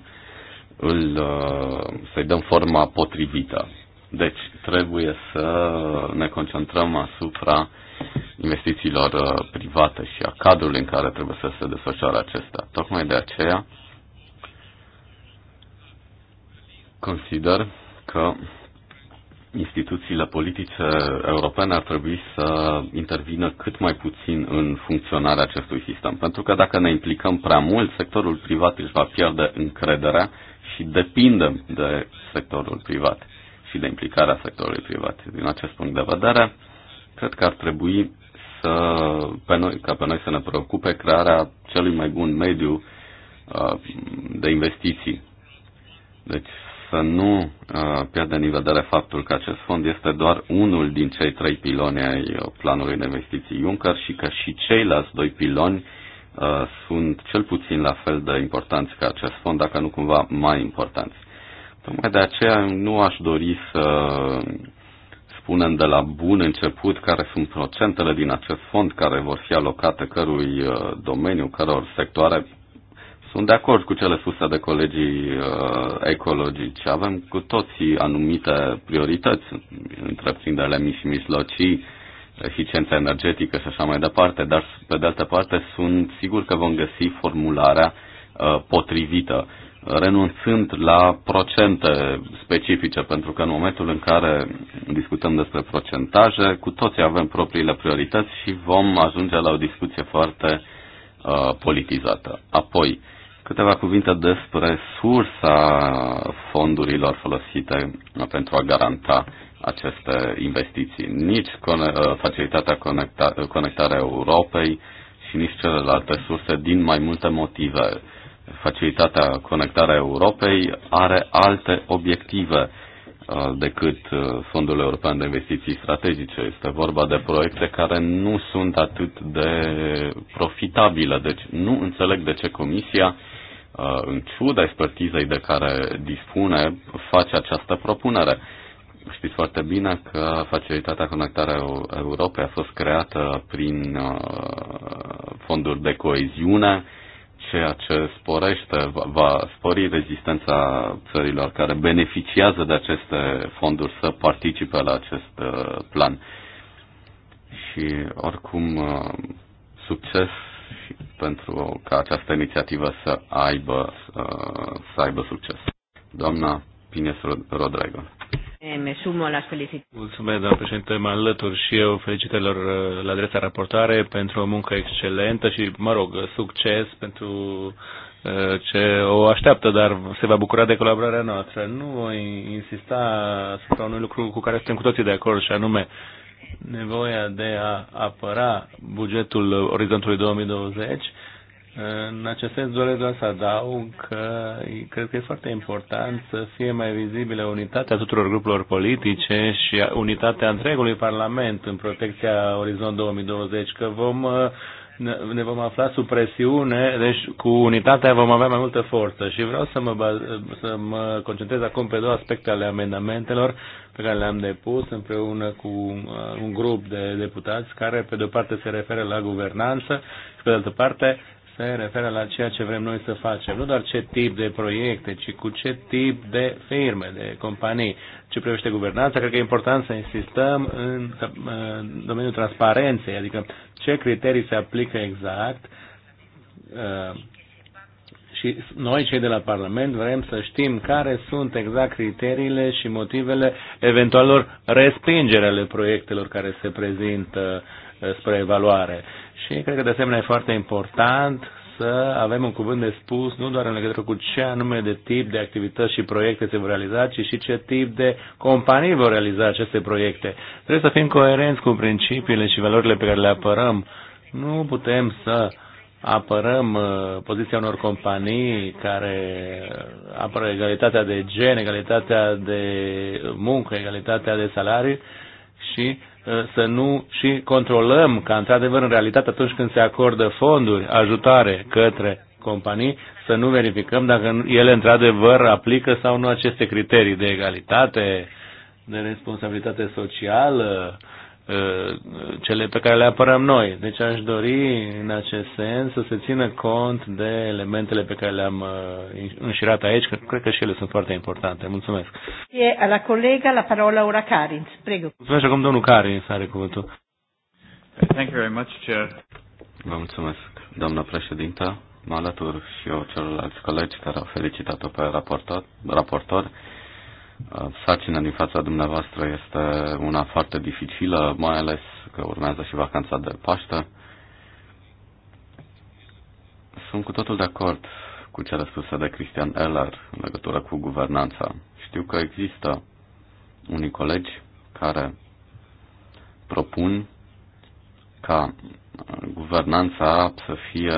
îl, uh, să-i dăm forma potrivită. Deci trebuie să ne concentrăm asupra investițiilor uh, private și a cadrului în care trebuie să se desfășoare acesta. Tocmai de aceea consider că instituțiile politice europene ar trebui să intervină cât mai puțin în funcționarea acestui sistem. Pentru că dacă ne implicăm prea mult, sectorul privat își va pierde încrederea și depindem de sectorul privat și de implicarea sectorului privat. Din acest punct de vedere, cred că ar trebui să, pe noi, ca pe noi să ne preocupe crearea celui mai bun mediu uh, de investiții. Deci să nu uh, în vedere faptul că acest fond este doar unul din cei trei piloni ai planului de investiții Juncker și că și ceilalți doi piloni uh, sunt cel puțin la fel de importanți ca acest fond, dacă nu cumva mai importanți. Tocmai de aceea nu aș dori să spunem de la bun început care sunt procentele din acest fond care vor fi alocate cărui uh, domeniu, căror sectoare, sunt de acord cu cele spuse de colegii uh, ecologici. Avem cu toții anumite priorități, întreprinderile mici și mijlocii, eficiența energetică și așa mai departe, dar pe de altă parte sunt sigur că vom găsi formularea uh, potrivită, renunțând la procente specifice, pentru că în momentul în care discutăm despre procentaje, cu toții avem propriile priorități și vom ajunge la o discuție foarte uh, politizată. Apoi, uh, Câteva cuvinte despre sursa fondurilor folosite pentru a garanta aceste investiții. Nici uh, facilitatea conecta, uh, conectarea Europei și nici celelalte surse din mai multe motive. Facilitatea conectarea Europei are alte obiective uh, decât Fondul European de Investiții Strategice. Este vorba de proiecte care nu sunt atât de profitabile. Deci nu înțeleg de ce Comisia Uh, în ciuda expertizei de care dispune, face această propunere. Știți foarte bine că facilitatea conectarea Europei a fost creată prin uh, fonduri de coeziune, ceea ce sporește, va spori rezistența țărilor care beneficiază de aceste fonduri să participe la acest uh, plan. Și oricum, succes și pentru ca această inițiativă să aibă, uh, să aibă succes. Doamna Pines Rodrigo. Eh, sumo la Mulțumesc, doamnă președinte. Mă alătur și eu felicitărilor uh, la adresa raportare pentru o muncă excelentă și, mă rog, succes pentru uh, ce o așteaptă, dar se va bucura de colaborarea noastră. Nu voi insista asupra unui lucru cu care suntem cu toții de acord și anume uh, nevoia de a apăra bugetul orizontului 2020. În acest sens doresc să adaug că cred că e foarte important să fie mai vizibilă unitatea tuturor grupurilor politice și unitatea întregului Parlament în protecția Orizont 2020, că vom uh, ne vom afla sub presiune, deci cu unitatea vom avea mai multă forță. Și vreau să mă, să mă concentrez acum pe două aspecte ale amendamentelor pe care le-am depus împreună cu uh, un grup de deputați care, pe de o parte, se referă la guvernanță și, pe de altă parte, se referă la ceea ce vrem noi să facem. Nu doar ce tip de proiecte, ci cu ce tip de firme, de companii. Ce privește guvernanța, cred că e important să insistăm în, în domeniul transparenței, adică ce criterii se aplică exact. Uh, și noi, cei de la Parlament, vrem să știm care sunt exact criteriile și motivele eventualor respingere ale proiectelor care se prezintă uh, spre evaluare. Și cred că de asemenea e foarte important să avem un cuvânt de spus nu doar în legătură cu ce anume de tip de activități și proiecte se vor realiza, ci și ce tip de companii vor realiza aceste proiecte. Trebuie să fim coerenți cu principiile și valorile pe care le apărăm. Nu putem să apărăm uh, poziția unor companii care apără egalitatea de gen, egalitatea de muncă, egalitatea de salariu, și uh, să nu și controlăm ca într-adevăr în realitate atunci când se acordă fonduri, ajutare către companii, să nu verificăm dacă ele într-adevăr aplică sau nu aceste criterii de egalitate, de responsabilitate socială, Uh, cele pe care le apărăm noi. Deci aș dori în acest sens să se țină cont de elementele pe care le-am uh, înșirat aici, că cred că și ele sunt foarte importante. Mulțumesc. E la colega la parola ora Carins. Prego. Mulțumesc acum domnul Carins are cuvântul. Thank you very much, Chair. Vă mulțumesc, doamna președintă. Mă alătur și eu celorlalți colegi care au felicitat-o pe raportor. raportor sarcina din fața dumneavoastră este una foarte dificilă, mai ales că urmează și vacanța de Paște. Sunt cu totul de acord cu cele spuse de Cristian Eller în legătură cu guvernanța. Știu că există unii colegi care propun ca guvernanța să fie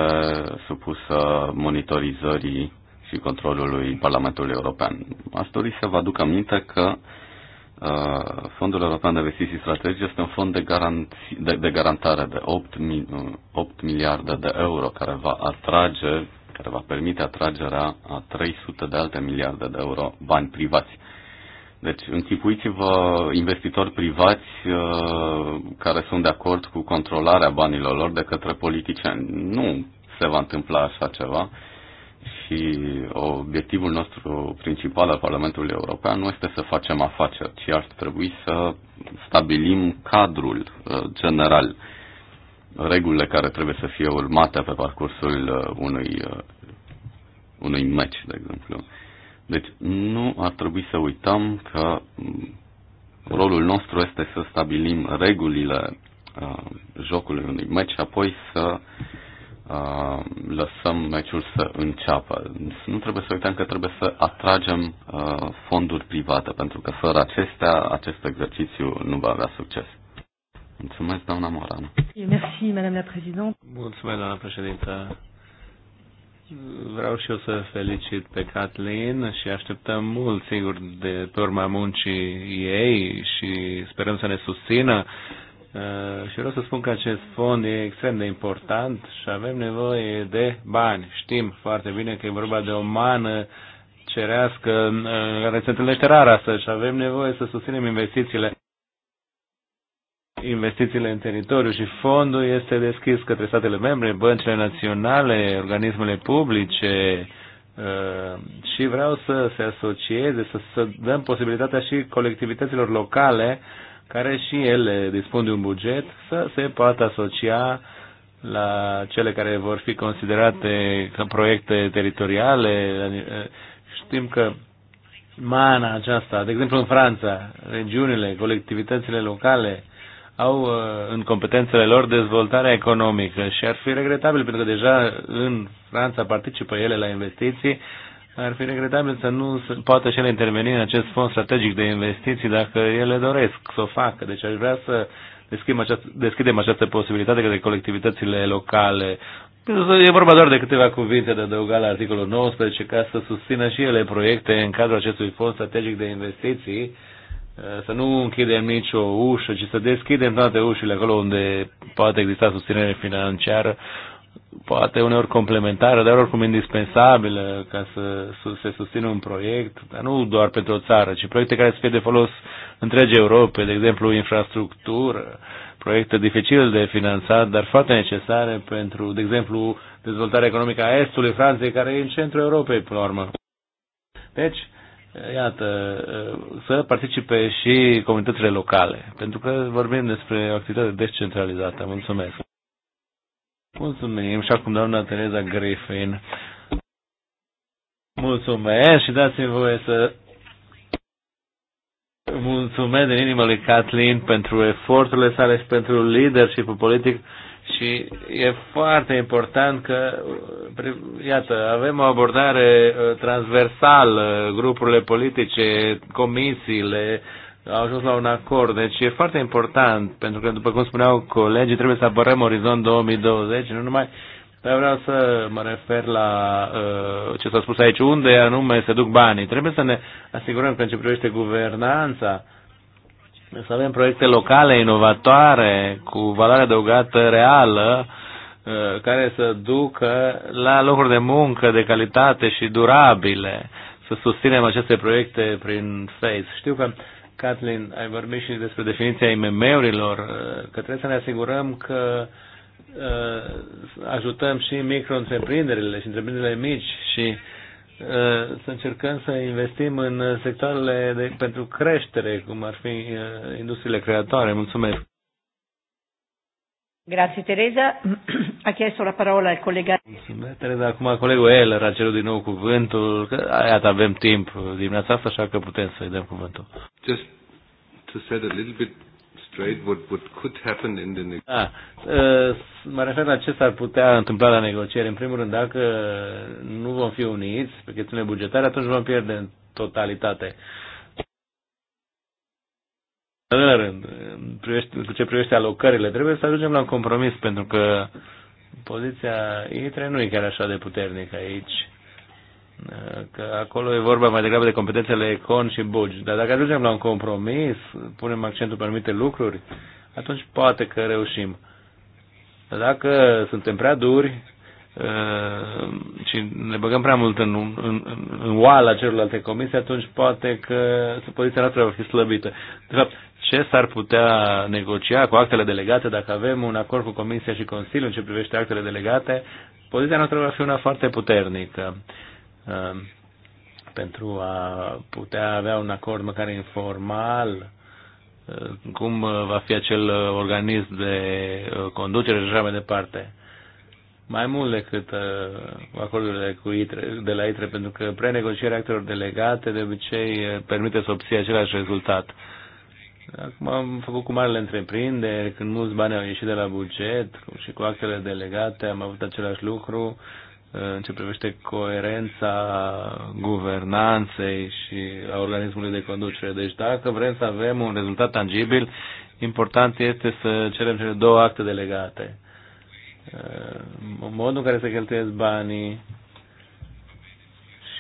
supusă monitorizării și controlului Parlamentului European. Aș dori să vă aduc aminte că uh, Fondul European de Investiții Strategice este un fond de, garanti, de, de garantare de 8, 8 uh, miliarde de euro care va atrage, care va permite atragerea a 300 de alte miliarde de euro bani privați. Deci închipuiți-vă investitori privați uh, care sunt de acord cu controlarea banilor lor de către politicieni. Nu se va întâmpla așa ceva. Uh, și obiectivul nostru principal al Parlamentului European nu este să facem afaceri, ci ar trebui să stabilim cadrul uh, general, regulile care trebuie să fie urmate pe parcursul uh, unui, uh, unui meci, de exemplu. Deci nu ar trebui să uităm că mm, rolul nostru este să stabilim regulile jocului unui meci și apoi să uh, Ah, lăsăm meciul să înceapă. Nu trebuie să uităm că trebuie să atragem uh, fonduri private, pentru că fără acestea, acest exercițiu nu va avea succes. Mulțumesc, doamna Morana. Merci, madame la Mulțumesc, doamna președintă. Vreau și eu să felicit pe Kathleen și așteptăm mult, sigur, de pe urma muncii ei și sperăm să ne susțină Eh, și vreau să spun că acest fond e extrem de important și avem nevoie de bani. Știm foarte bine că e vorba de o mană cerească eh, care se întâlnește rar astăzi și avem nevoie să susținem investițiile investițiile în teritoriu și fondul este deschis către statele membre, băncile naționale, organismele publice eh, și vreau să se asocieze, să, să dăm posibilitatea și colectivităților locale care și ele dispun de un buget, să se poată asocia la cele care vor fi considerate ca proiecte teritoriale. Știm că mana aceasta, de exemplu în Franța, regiunile, colectivitățile locale au uh, în competențele lor dezvoltarea economică și ar fi regretabil pentru că deja în Franța participă ele la investiții ar fi regretabil să nu poată și ele interveni în acest fond strategic de investiții dacă ele doresc să o facă. Deci aș vrea să deschidem această, deschidem această posibilitate către colectivitățile locale. E vorba doar de câteva cuvinte de adăugat la articolul 19 ca să susțină și ele proiecte în cadrul acestui fond strategic de investiții să nu închidem nicio ușă, ci să deschidem toate ușile acolo unde poate exista susținere financiară poate uneori complementară, dar oricum indispensabilă ca să se susțină un proiect, dar nu doar pentru o țară, ci proiecte care să fie de folos întregi Europe, de exemplu infrastructură, proiecte dificil de finanțat, dar foarte necesare pentru, de exemplu, dezvoltarea economică a Estului Franței, care e în centrul Europei, până la urmă. Deci, iată, să participe și comunitățile locale, pentru că vorbim despre o activitate descentralizată. Mulțumesc! Mulțumim și acum doamna Tereza Griffin. Mulțumesc și dați-mi voie să mulțumesc din inimă lui Kathleen pentru eforturile sale și pentru leadership politic și e foarte important că, iată, avem o abordare uh, transversală, grupurile politice, comisiile, au ajuns la un acord. Deci e foarte important, pentru că, după cum spuneau colegii, trebuie să apărăm Orizont 2020, nu numai dar vreau să mă refer la uh, ce s-a spus aici, unde anume se duc banii. Trebuie să ne asigurăm că în ce privește guvernanța, să avem proiecte locale, inovatoare, cu valoare adăugată reală, uh, care să ducă la locuri de muncă de calitate și durabile, să susținem aceste proiecte prin FACE. Știu că Kathleen, ai vorbit și despre definiția IMM-urilor, uh, că trebuie să ne asigurăm că uh, ajutăm și micro-întreprinderile și întreprinderile mici și uh, să încercăm să investim în sectoarele de, pentru creștere, cum ar fi uh, industriile creatoare. Mulțumesc! Grazie Teresa. Ha chiesto la parola il collega. Mulțumesc, eh, Teresa. Acum colegul Eller a cerut din nou cuvântul. Că, iată, avem timp dimineața asta, așa că putem să-i dăm cuvântul. Just to set a little bit straight what, what could happen in the Ah, Mă refer la ce s-ar putea întâmpla la negocieri. În primul rând, dacă nu vom fi uniți pe chestiunile bugetare, atunci vom pierde în totalitate. Uh, în rând, cu ce privește alocările, trebuie să ajungem la un compromis, pentru că poziția ITRE nu e chiar așa de puternică aici. Că acolo e vorba mai degrabă de competențele econ și bugi. Dar dacă ajungem la un compromis, punem accentul pe anumite lucruri, atunci poate că reușim. Dacă suntem prea duri ă, și ne băgăm prea mult în, în, în, în oala celorlalte comisii, atunci poate că poziția noastră va fi slăbită. De fapt, ce s-ar putea negocia cu actele delegate dacă avem un acord cu Comisia și Consiliul în ce privește actele delegate, poziția noastră va fi una foarte puternică um, pentru a putea avea un acord măcar informal uh, cum uh, va fi acel uh, organism de conducere și așa mai departe. Mai mult decât acordurile cu ITRE, de la ITRE, pentru că prenegocierea actelor delegate de obicei permite să obții același rezultat. Acum am făcut cu marele întreprinderi, când mulți bani au ieșit de la buget și cu actele delegate am avut același lucru uh, în ce privește coerența guvernanței și a organismului de conducere. Deci dacă vrem să avem un rezultat tangibil, important este să cerem cele două acte delegate. În uh, modul în care se cheltuiesc banii,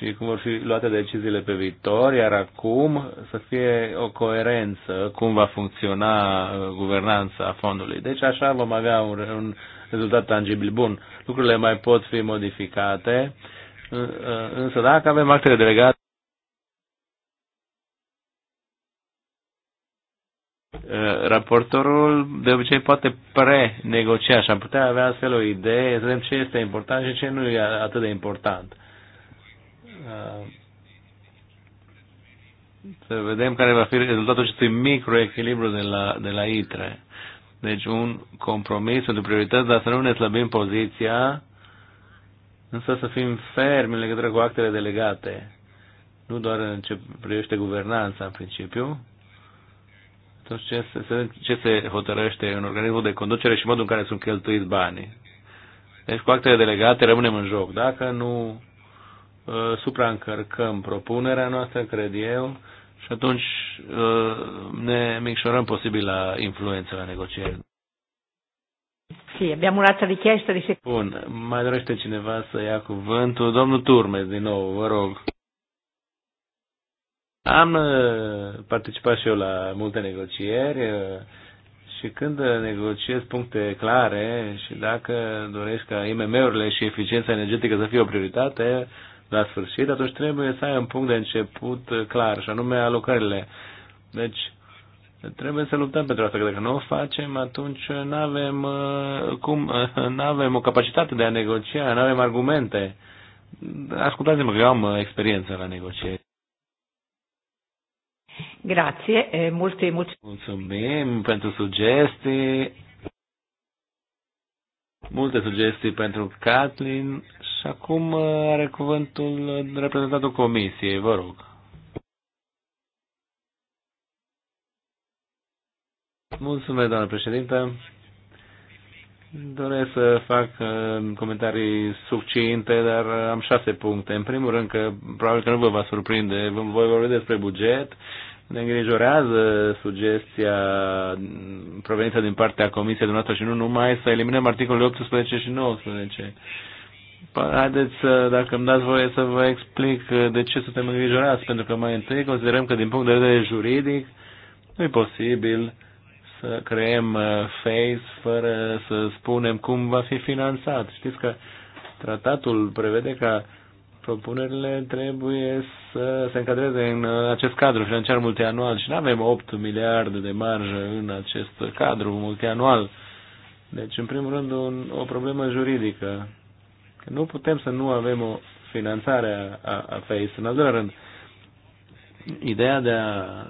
și cum vor fi luate deciziile pe viitor, iar acum să fie o coerență cum va funcționa uh, guvernanța fondului. Deci așa vom avea un, un rezultat tangibil bun. Lucrurile mai pot fi modificate, însă dacă avem actele delegate, uh, raportorul de obicei poate pre-negocia și am putea avea astfel o idee, să vedem ce este important și ce nu e atât de important să vedem care va fi rezultatul acestui microechilibru de la, de la ITRE. Deci un compromis de priorități, dar să nu ne slăbim poziția, însă să fim fermi în legătură cu actele delegate. Nu doar în ce privește guvernanța, în principiu, atunci ce se, ce se hotărăște în organismul de conducere și modul în care sunt cheltuiți banii. Deci cu actele delegate rămânem în joc. Dacă nu Uh, supraîncărcăm propunerea noastră, cred eu, și atunci uh, ne micșorăm posibil la influența la negocieri. Sì, abbiamo un'altra richiesta di Bun, mai dorește cineva să ia cuvântul? Domnul Turmes, din nou, vă rog. Am uh, participat și eu la multe negocieri și când negociez puncte clare și dacă doresc ca IMM-urile și eficiența energetică să fie o prioritate, la sfârșit, atunci trebuie să ai un punct de început clar, și anume alocările. Deci, trebuie să luptăm pentru asta, că dacă nu o facem, atunci nu avem uh, cum, uh, nu avem o capacitate de a negocia, nu avem argumente. Ascultați-mă că eu am uh, experiență la negocieri. Grazie, multe, multe. Mulțumim pentru sugestii. Multe sugestii pentru Kathleen și acum uh, are cuvântul reprezentantul Comisiei, vă rog. Mulțumesc, doamnă președinte. Doresc să fac uh, comentarii succinte, dar am șase puncte. În primul rând că probabil că nu vă va surprinde, voi vorbi despre buget. Ne îngrijorează sugestia provenită din partea Comisiei dumneavoastră și nu numai să eliminăm articolele 18 și 19. Păi, haideți, dacă îmi dați voie să vă explic uh, de ce suntem îngrijorați, pentru că mai întâi considerăm că din punct de vedere juridic nu e posibil să creăm uh, face fără să spunem cum va fi finanțat. Știți că tratatul prevede că propunerile trebuie să se încadreze în uh, acest cadru financiar multianual și nu avem 8 miliarde de marjă în acest cadru multianual. Deci, în primul rând, un, o problemă juridică Că nu putem să nu avem o finanțare a, a, a FACE. În al doilea rând, ideea de a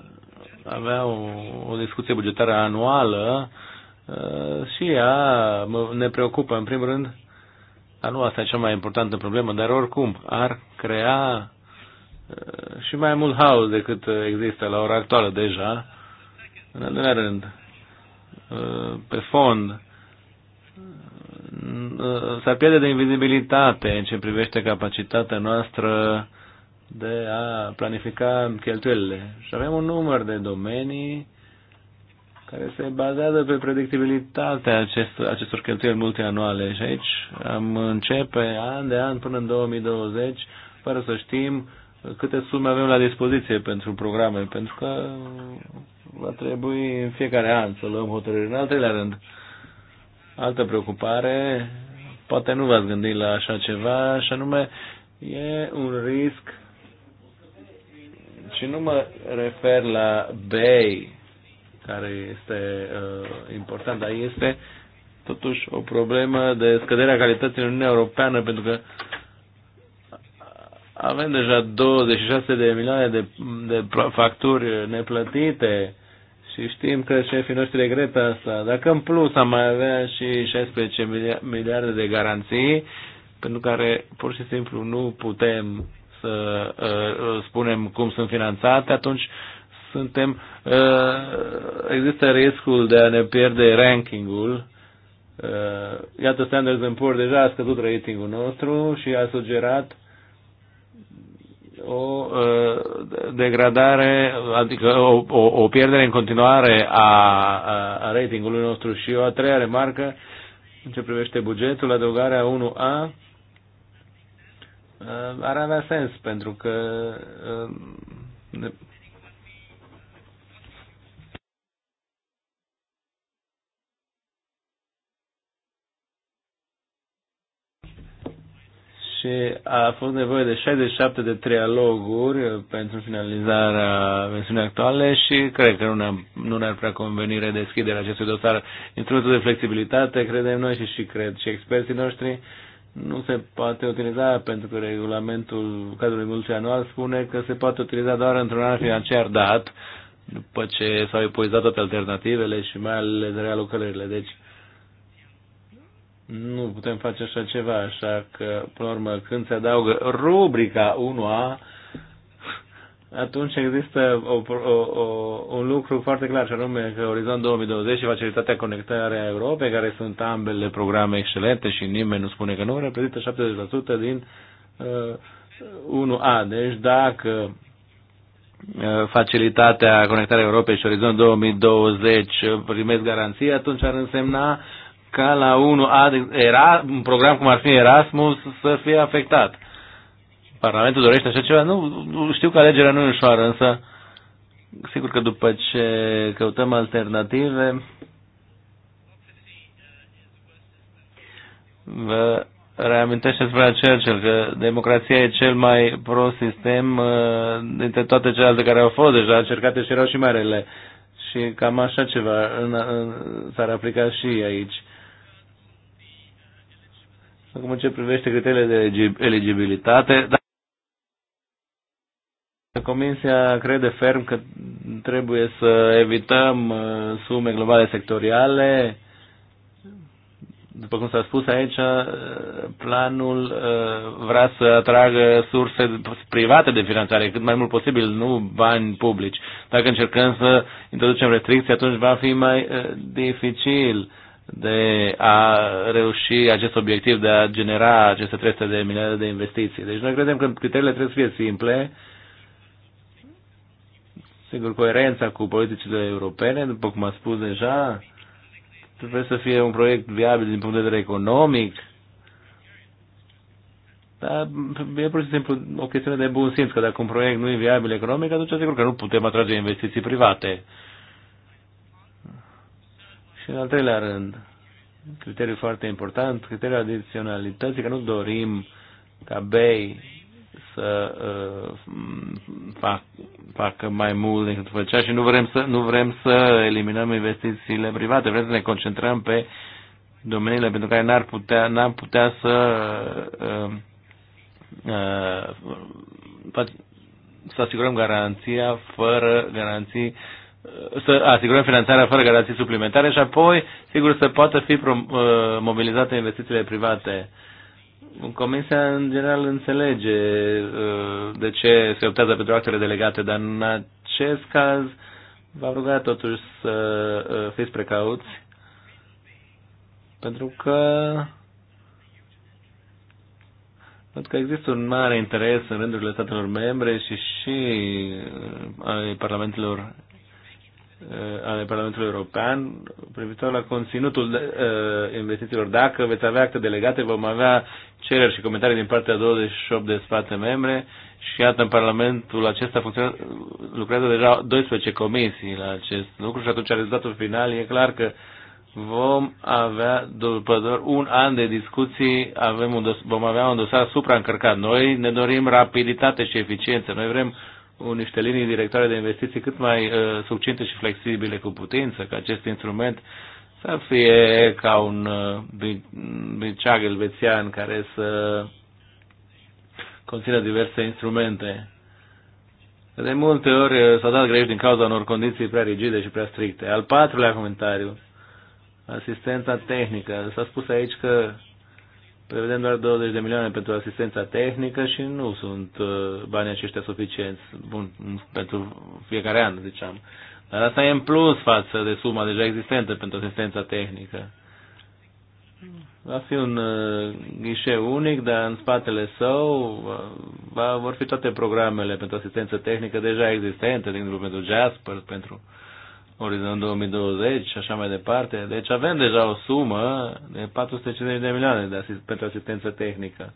avea o, o discuție bugetară anuală uh, și ea ne preocupă, în primul rând, dar nu asta e cea mai importantă problemă, dar oricum ar crea ă, și mai mult haos decât există la ora actuală deja. În al doilea rând, ă, pe fond, s-ar pierde de invizibilitate în ce privește capacitatea noastră de a planifica cheltuielile. Și avem un număr de domenii care se bazează pe predictibilitatea acestor, acestor cheltuieli multianuale. Și aici am începe an de an până în 2020 fără să știm câte sume avem la dispoziție pentru programe, pentru că va trebui în fiecare an să luăm hotărâri. În al treilea rând, uh, altă preocupare, poate nu v-ați gândit la așa ceva, și anume e un risc și nu mă refer la BEI, care este uh, important, dar este totuși o problemă de scăderea calității în Uniunea Europeană, pentru că avem deja 26 de milioane de, de facturi neplătite și știm că șefii noștri regretă asta. Dacă în plus am mai avea și 16 miliarde de garanții, pentru care pur și simplu nu putem să uh, uh, spunem cum sunt finanțate, atunci suntem, uh, există riscul de a ne pierde rankingul. Uh, iată, Standard Poor's deja a scăzut ratingul nostru și a sugerat o uh, degradare, adică o, o, o pierdere în continuare a, a, a ratingului nostru și o a treia remarcă în ce privește bugetul, adăugarea 1A uh, ar avea sens pentru că uh, și a fost nevoie de 67 de trialoguri uh, pentru finalizarea versiunii actuale și cred că nu ne-ar nu ne prea conveni redeschiderea acestui dosar instrumentul de flexibilitate, credem noi și, și cred și experții noștri, nu se poate utiliza pentru că regulamentul cadrului multianual spune că se poate utiliza doar într-un an financiar dat, după ce s-au epuizat toate alternativele și mai ales realocările. Deci, nu putem face așa ceva, așa că, până la urmă, când se adaugă rubrica 1A, atunci există o, o, o, un lucru foarte clar, și anume că Orizont 2020 și Facilitatea a Europei, care sunt ambele programe excelente și nimeni nu spune că nu, reprezintă 70% din uh, 1A. Deci dacă uh, facilitatea conectării Europei și Orizont 2020 primesc garanție, atunci ar însemna ca la unul era un program cum ar fi Erasmus să fie afectat. Parlamentul dorește așa ceva? Nu, știu că alegerea nu e ușoară, însă sigur că după ce căutăm alternative, vă reamintesc asupra Churchill că democrația e cel mai pro sistem uh, dintre toate celelalte care au fost deja încercate și erau și mai rele. Și cam așa ceva s-ar aplica și aici. Acum ce privește criteriile de eligibilitate, da. Comisia crede ferm că trebuie să evităm uh, sume globale sectoriale. După cum s-a spus aici, uh, planul uh, vrea să atragă surse private de finanțare, cât mai mult posibil, nu bani publici. Dacă încercăm să introducem restricții, atunci va fi mai dificil de a reuși acest obiectiv de a genera aceste 300 de miliarde de investiții. Deci noi credem că criteriile trebuie să fie simple, sigur, coerența cu politicile europene, după cum am spus deja, trebuie să fie un proiect viabil din punct de vedere economic, dar e pur și simplu o chestiune de bun simț, că dacă un proiect nu e viabil economic, atunci sigur că nu putem atrage investiții private. Și în al treilea rând, criteriu foarte important, criteriul adiționalității, că nu dorim ca bei să uh, fac, facă mai mult decât făcea și nu vrem, să, nu vrem să eliminăm investițiile private, vrem să ne concentrăm pe domeniile pentru care n-ar putea, n putea să uh, uh, să asigurăm garanția fără garanții să asigurăm finanțarea fără garanții suplimentare și apoi, sigur, să poată fi uh, mobilizate investițiile private. Comisia, în general, înțelege uh, de ce se optează pentru actele delegate, dar în acest caz v-am rugat totuși să uh, fiți precauți, pentru că pentru că există un mare interes în rândurile statelor membre și și ai parlamentelor Uh, ale Parlamentului European privitor la conținutul uh, investițiilor. Dacă veți avea acte delegate, vom avea cereri și comentarii din partea 28 de spate membre și iată în Parlamentul acesta lucrează deja 12 comisii la acest lucru și atunci rezultatul final e clar că vom avea, după doar un an de discuții, avem un dos, vom avea un dosar supraîncărcat. Noi ne dorim rapiditate și eficiență. Noi vrem niște linii directoare de investiții cât mai uh, succinte și flexibile cu putință, că acest instrument să fie ca un uh, briceag elvețian care să conțină diverse instrumente. De multe ori uh, s-a dat greș din cauza unor condiții prea rigide și prea stricte. Al patrulea comentariu, asistența tehnică. S-a spus aici că prevedem doar 20 de milioane pentru asistența tehnică și nu sunt uh, banii aceștia suficienți bun, pentru fiecare an, ziceam. Dar asta e în plus față de suma deja existentă pentru asistența tehnică. Va fi un uh, ghișeu unic, dar în spatele său uh, va, vor fi toate programele pentru asistență tehnică deja existente, de exemplu pentru Jasper, pentru uh, Orizont 2020 și așa mai departe. Deci avem deja o sumă de 450 de milioane de asist- pentru asistență tehnică.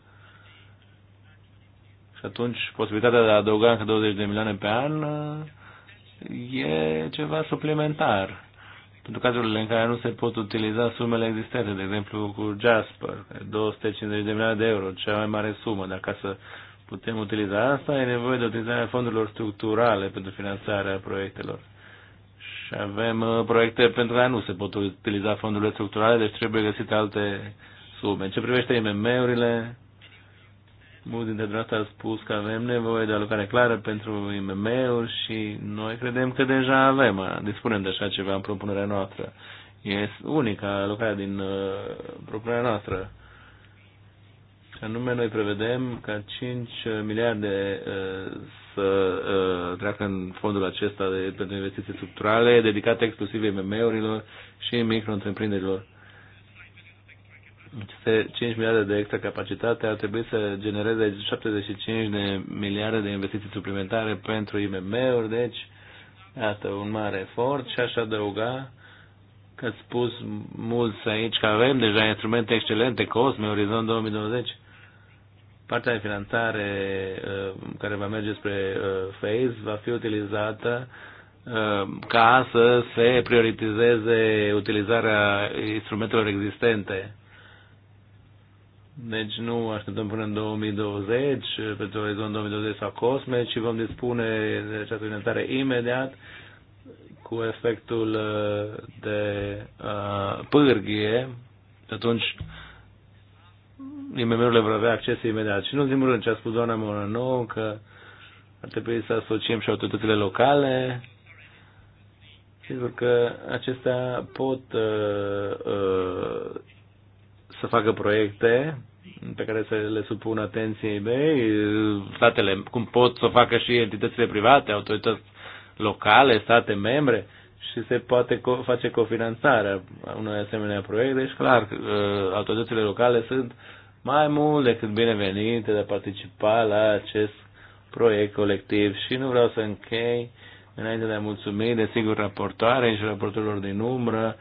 Și atunci posibilitatea de a adăuga încă 20 de milioane pe an uh, e ceva suplimentar. Pentru cazurile în care nu se pot utiliza sumele existente, de exemplu cu Jasper, 250 de milioane de euro, cea mai mare sumă, dar ca să putem utiliza asta, e nevoie de utilizarea fondurilor structurale pentru finanțarea proiectelor. Și avem uh, proiecte pentru care nu se pot utiliza fondurile structurale, deci trebuie găsite alte sume. În ce privește IMM-urile, mulți dintre dumneavoastră a spus că avem nevoie de alocare clară pentru IMM-uri și noi credem că deja avem, dispunem de așa ceva în propunerea noastră. E unica alocare din uh, propunerea noastră. Și anume, noi prevedem ca 5 miliarde uh, să uh, treacă în fondul acesta de, pentru investiții structurale, dedicate exclusiv MM-urilor și micro-întreprinderilor. Aceste 5 miliarde de extra capacitate ar trebui să genereze 75 de miliarde de investiții suplimentare pentru IMM-uri, deci asta un mare efort și aș adăuga că ați spus mulți aici că avem deja instrumente excelente, COSME, Orizont 2020, Partea de finanțare uh, care va merge spre phase uh, va fi utilizată uh, ca să se prioritizeze utilizarea instrumentelor existente. Deci nu așteptăm până în 2020, pentru orizont 2020 sau COSME, ci vom dispune de această finanțare imediat cu efectul de uh, pârghie. Atunci nu le vor avea acces imediat. Și nu în primul rând ce a spus doamna Morano, că ar trebui să asociem și autoritățile locale. Sigur că acestea pot uh, uh, să facă proiecte pe care să le supun atenției mei, statele, cum pot să facă și entitățile private, autorități locale, state membre și se poate co- face cofinanțarea unui asemenea proiect. Deci, clar, uh, autoritățile locale sunt mai mult decât binevenite de a participa la acest proiect colectiv. Și nu vreau să închei înainte de a mulțumi, desigur, raportoare și raportorilor din umbră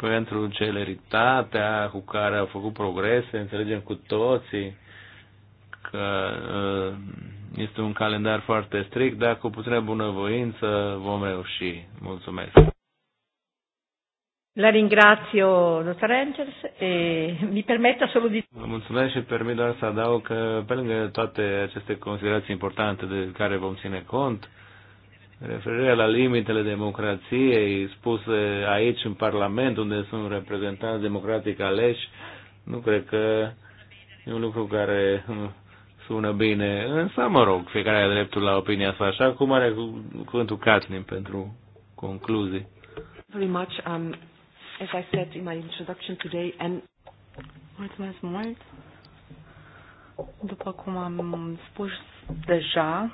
pentru celeritatea cu care au făcut progrese. Înțelegem cu toții că uh, este un calendar foarte strict, dar cu puțină bunăvoință vom reuși. Mulțumesc! La ringrazio, dottor Angels, e mi permetta solo di... Vă mulțumesc și permit doar să adaug că pe lângă toate aceste considerații importante de care vom ține cont, referirea la limitele democrației spuse aici în Parlament, unde sunt reprezentanți democratic aleși, nu cred că e un lucru care hm, sună bine. Însă, mă rog, fiecare are dreptul la opinia sa, așa cum are cuvântul Catlin pentru concluzii. Very much. Um, as I said in my introduction today, and Mulțumesc mult. După cum am spus deja,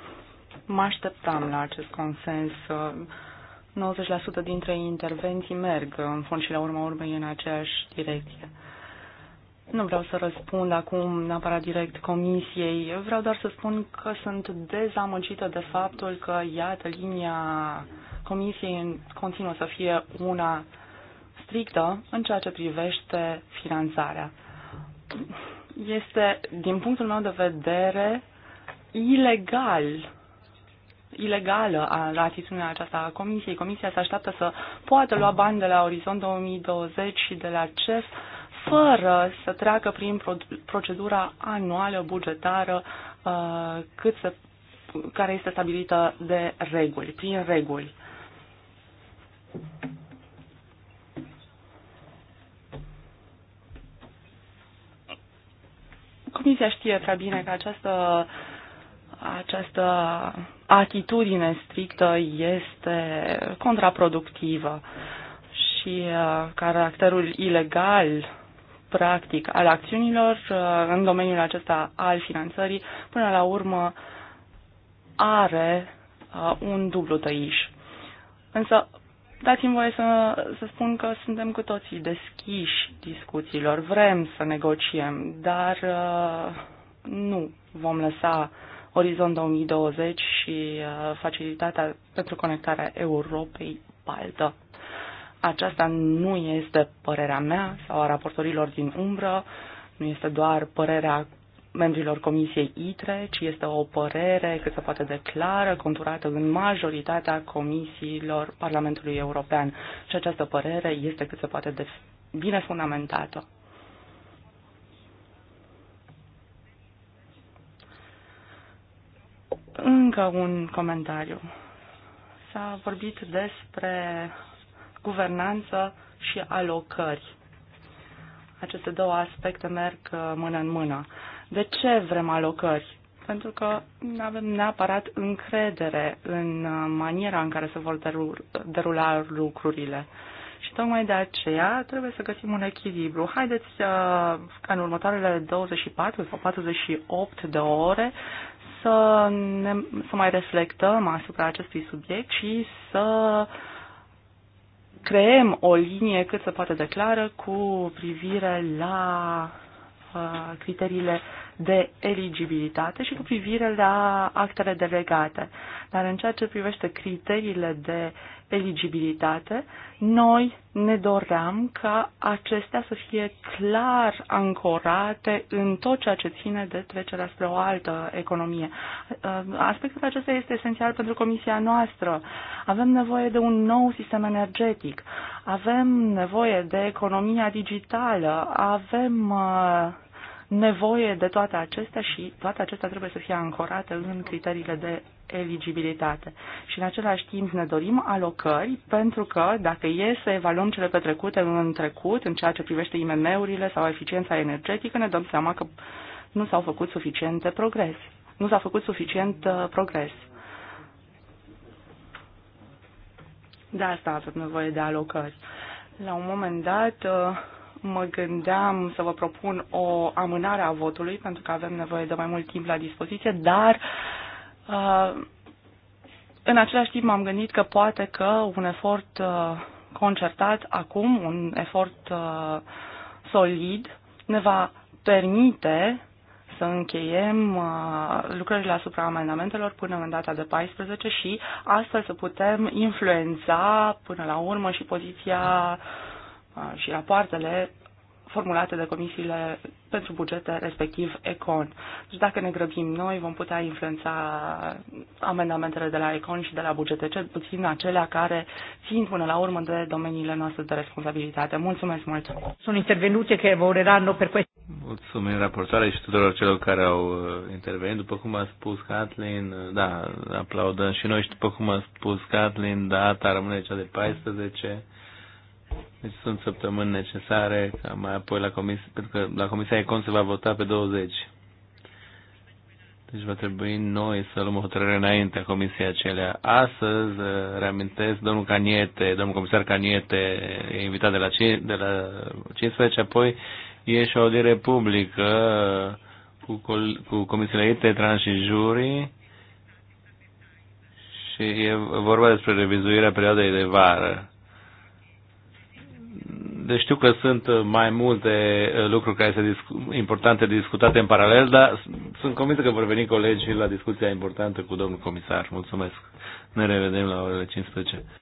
mă așteptam la acest consens. 90% dintre intervenții merg, în fond și la urma urmei, în aceeași direcție. Nu vreau să răspund acum neapărat direct comisiei. vreau doar să spun că sunt dezamăgită de faptul că, iată, linia comisiei continuă să fie una uh, strictă în ceea ce privește finanțarea. Este, din punctul meu de vedere, ilegal ilegală a atitudinea aceasta a Comisiei. Comisia se așteaptă să poată lua bani de la Orizont 2020 și de la CES fără să treacă prin procedura anuală bugetară uh, cât se, care este stabilită de reguli, prin reguli. Comisia știe prea bine că această, această atitudine strictă este contraproductivă și uh, caracterul ilegal practic al acțiunilor uh, în domeniul acesta al finanțării, până la urmă are uh, un dublu tăiș. Însă Dați-mi voie să, să spun că suntem cu toții deschiși discuțiilor, vrem să negociem, dar uh, nu vom lăsa Orizont 2020 și uh, facilitatea pentru conectarea Europei baltă. Aceasta nu este părerea mea sau a raportorilor din umbră, nu este doar părerea membrilor Comisiei ITRE, ci este o părere cât se poate de clară, conturată în majoritatea comisiilor Parlamentului European. Și această părere este cât se poate de bine fundamentată. Încă un comentariu. S-a vorbit despre guvernanță și alocări. Aceste două aspecte merg uh, mână în mână. De ce vrem alocări? Pentru că nu avem neapărat încredere în uh, maniera în care se vor derula lucrurile. Și tocmai de aceea trebuie să găsim un echilibru. Haideți uh, ca în următoarele 24 sau 48 de ore să, ne, să mai reflectăm asupra acestui subiect și să creăm o linie cât se poate declară cu privire la Uh, criteriile de eligibilitate și cu privire la actele delegate. Dar în ceea ce privește criteriile de eligibilitate, noi ne doream ca acestea să fie clar ancorate în tot ceea ce ține de trecerea spre o altă economie. Uh, aspectul acesta este esențial pentru comisia noastră. Avem nevoie de un nou sistem energetic, avem nevoie de economia digitală, avem uh, nevoie de toate acestea și toate acestea trebuie să fie ancorate în criteriile de eligibilitate. Și în același timp ne dorim alocări pentru că dacă e să evaluăm cele petrecute în trecut, în ceea ce privește IMM-urile sau eficiența energetică, ne dăm seama că nu s-au făcut suficiente progres. Nu s-a făcut suficient uh, progres. De asta avem nevoie de alocări. La un moment dat, uh, mă gândeam să vă propun o amânare a votului, pentru că avem nevoie de mai mult timp la dispoziție, dar uh, în același timp m-am gândit că poate că un efort uh, concertat acum, un efort uh, solid, ne va permite să încheiem lucrările asupra amendamentelor până în data de 14 și astfel să putem influența până la urmă și poziția uh, și rapoartele formulate de comisiile pentru bugete, respectiv ECON. Deci dacă ne grăbim noi, vom putea influența amendamentele de la ECON și de la bugete, cel puțin acelea care țin până la urmă de domeniile noastre de responsabilitate. Mulțumesc mult! Sunt intervenute care voreranno pe questo. Mulțumim raportarea și tuturor celor care au uh, intervenit. După cum a spus Kathleen, uh, da, aplaudăm și noi și după cum a spus Kathleen, data rămâne cea de 14 deci sunt săptămâni necesare, ca mai apoi la comisie, pentru că la Comisia Econ se va vota pe 20. Deci va trebui noi să luăm o hotărâre a comisiei acelea. Astăzi, eh, reamintesc, domnul Caniete, domnul comisar Caniete e invitat de la, 5, de la 15, apoi e și o audiere publică cu, cu comisiile ITE, Trans și Jurii și e vorba despre revizuirea perioadei de vară. Deci știu că sunt uh, mai multe uh, lucruri care sunt discu- importante discutate în paralel, dar sunt convins că vor veni colegii la discuția importantă cu domnul comisar. Mulțumesc. Ne revedem la orele 15.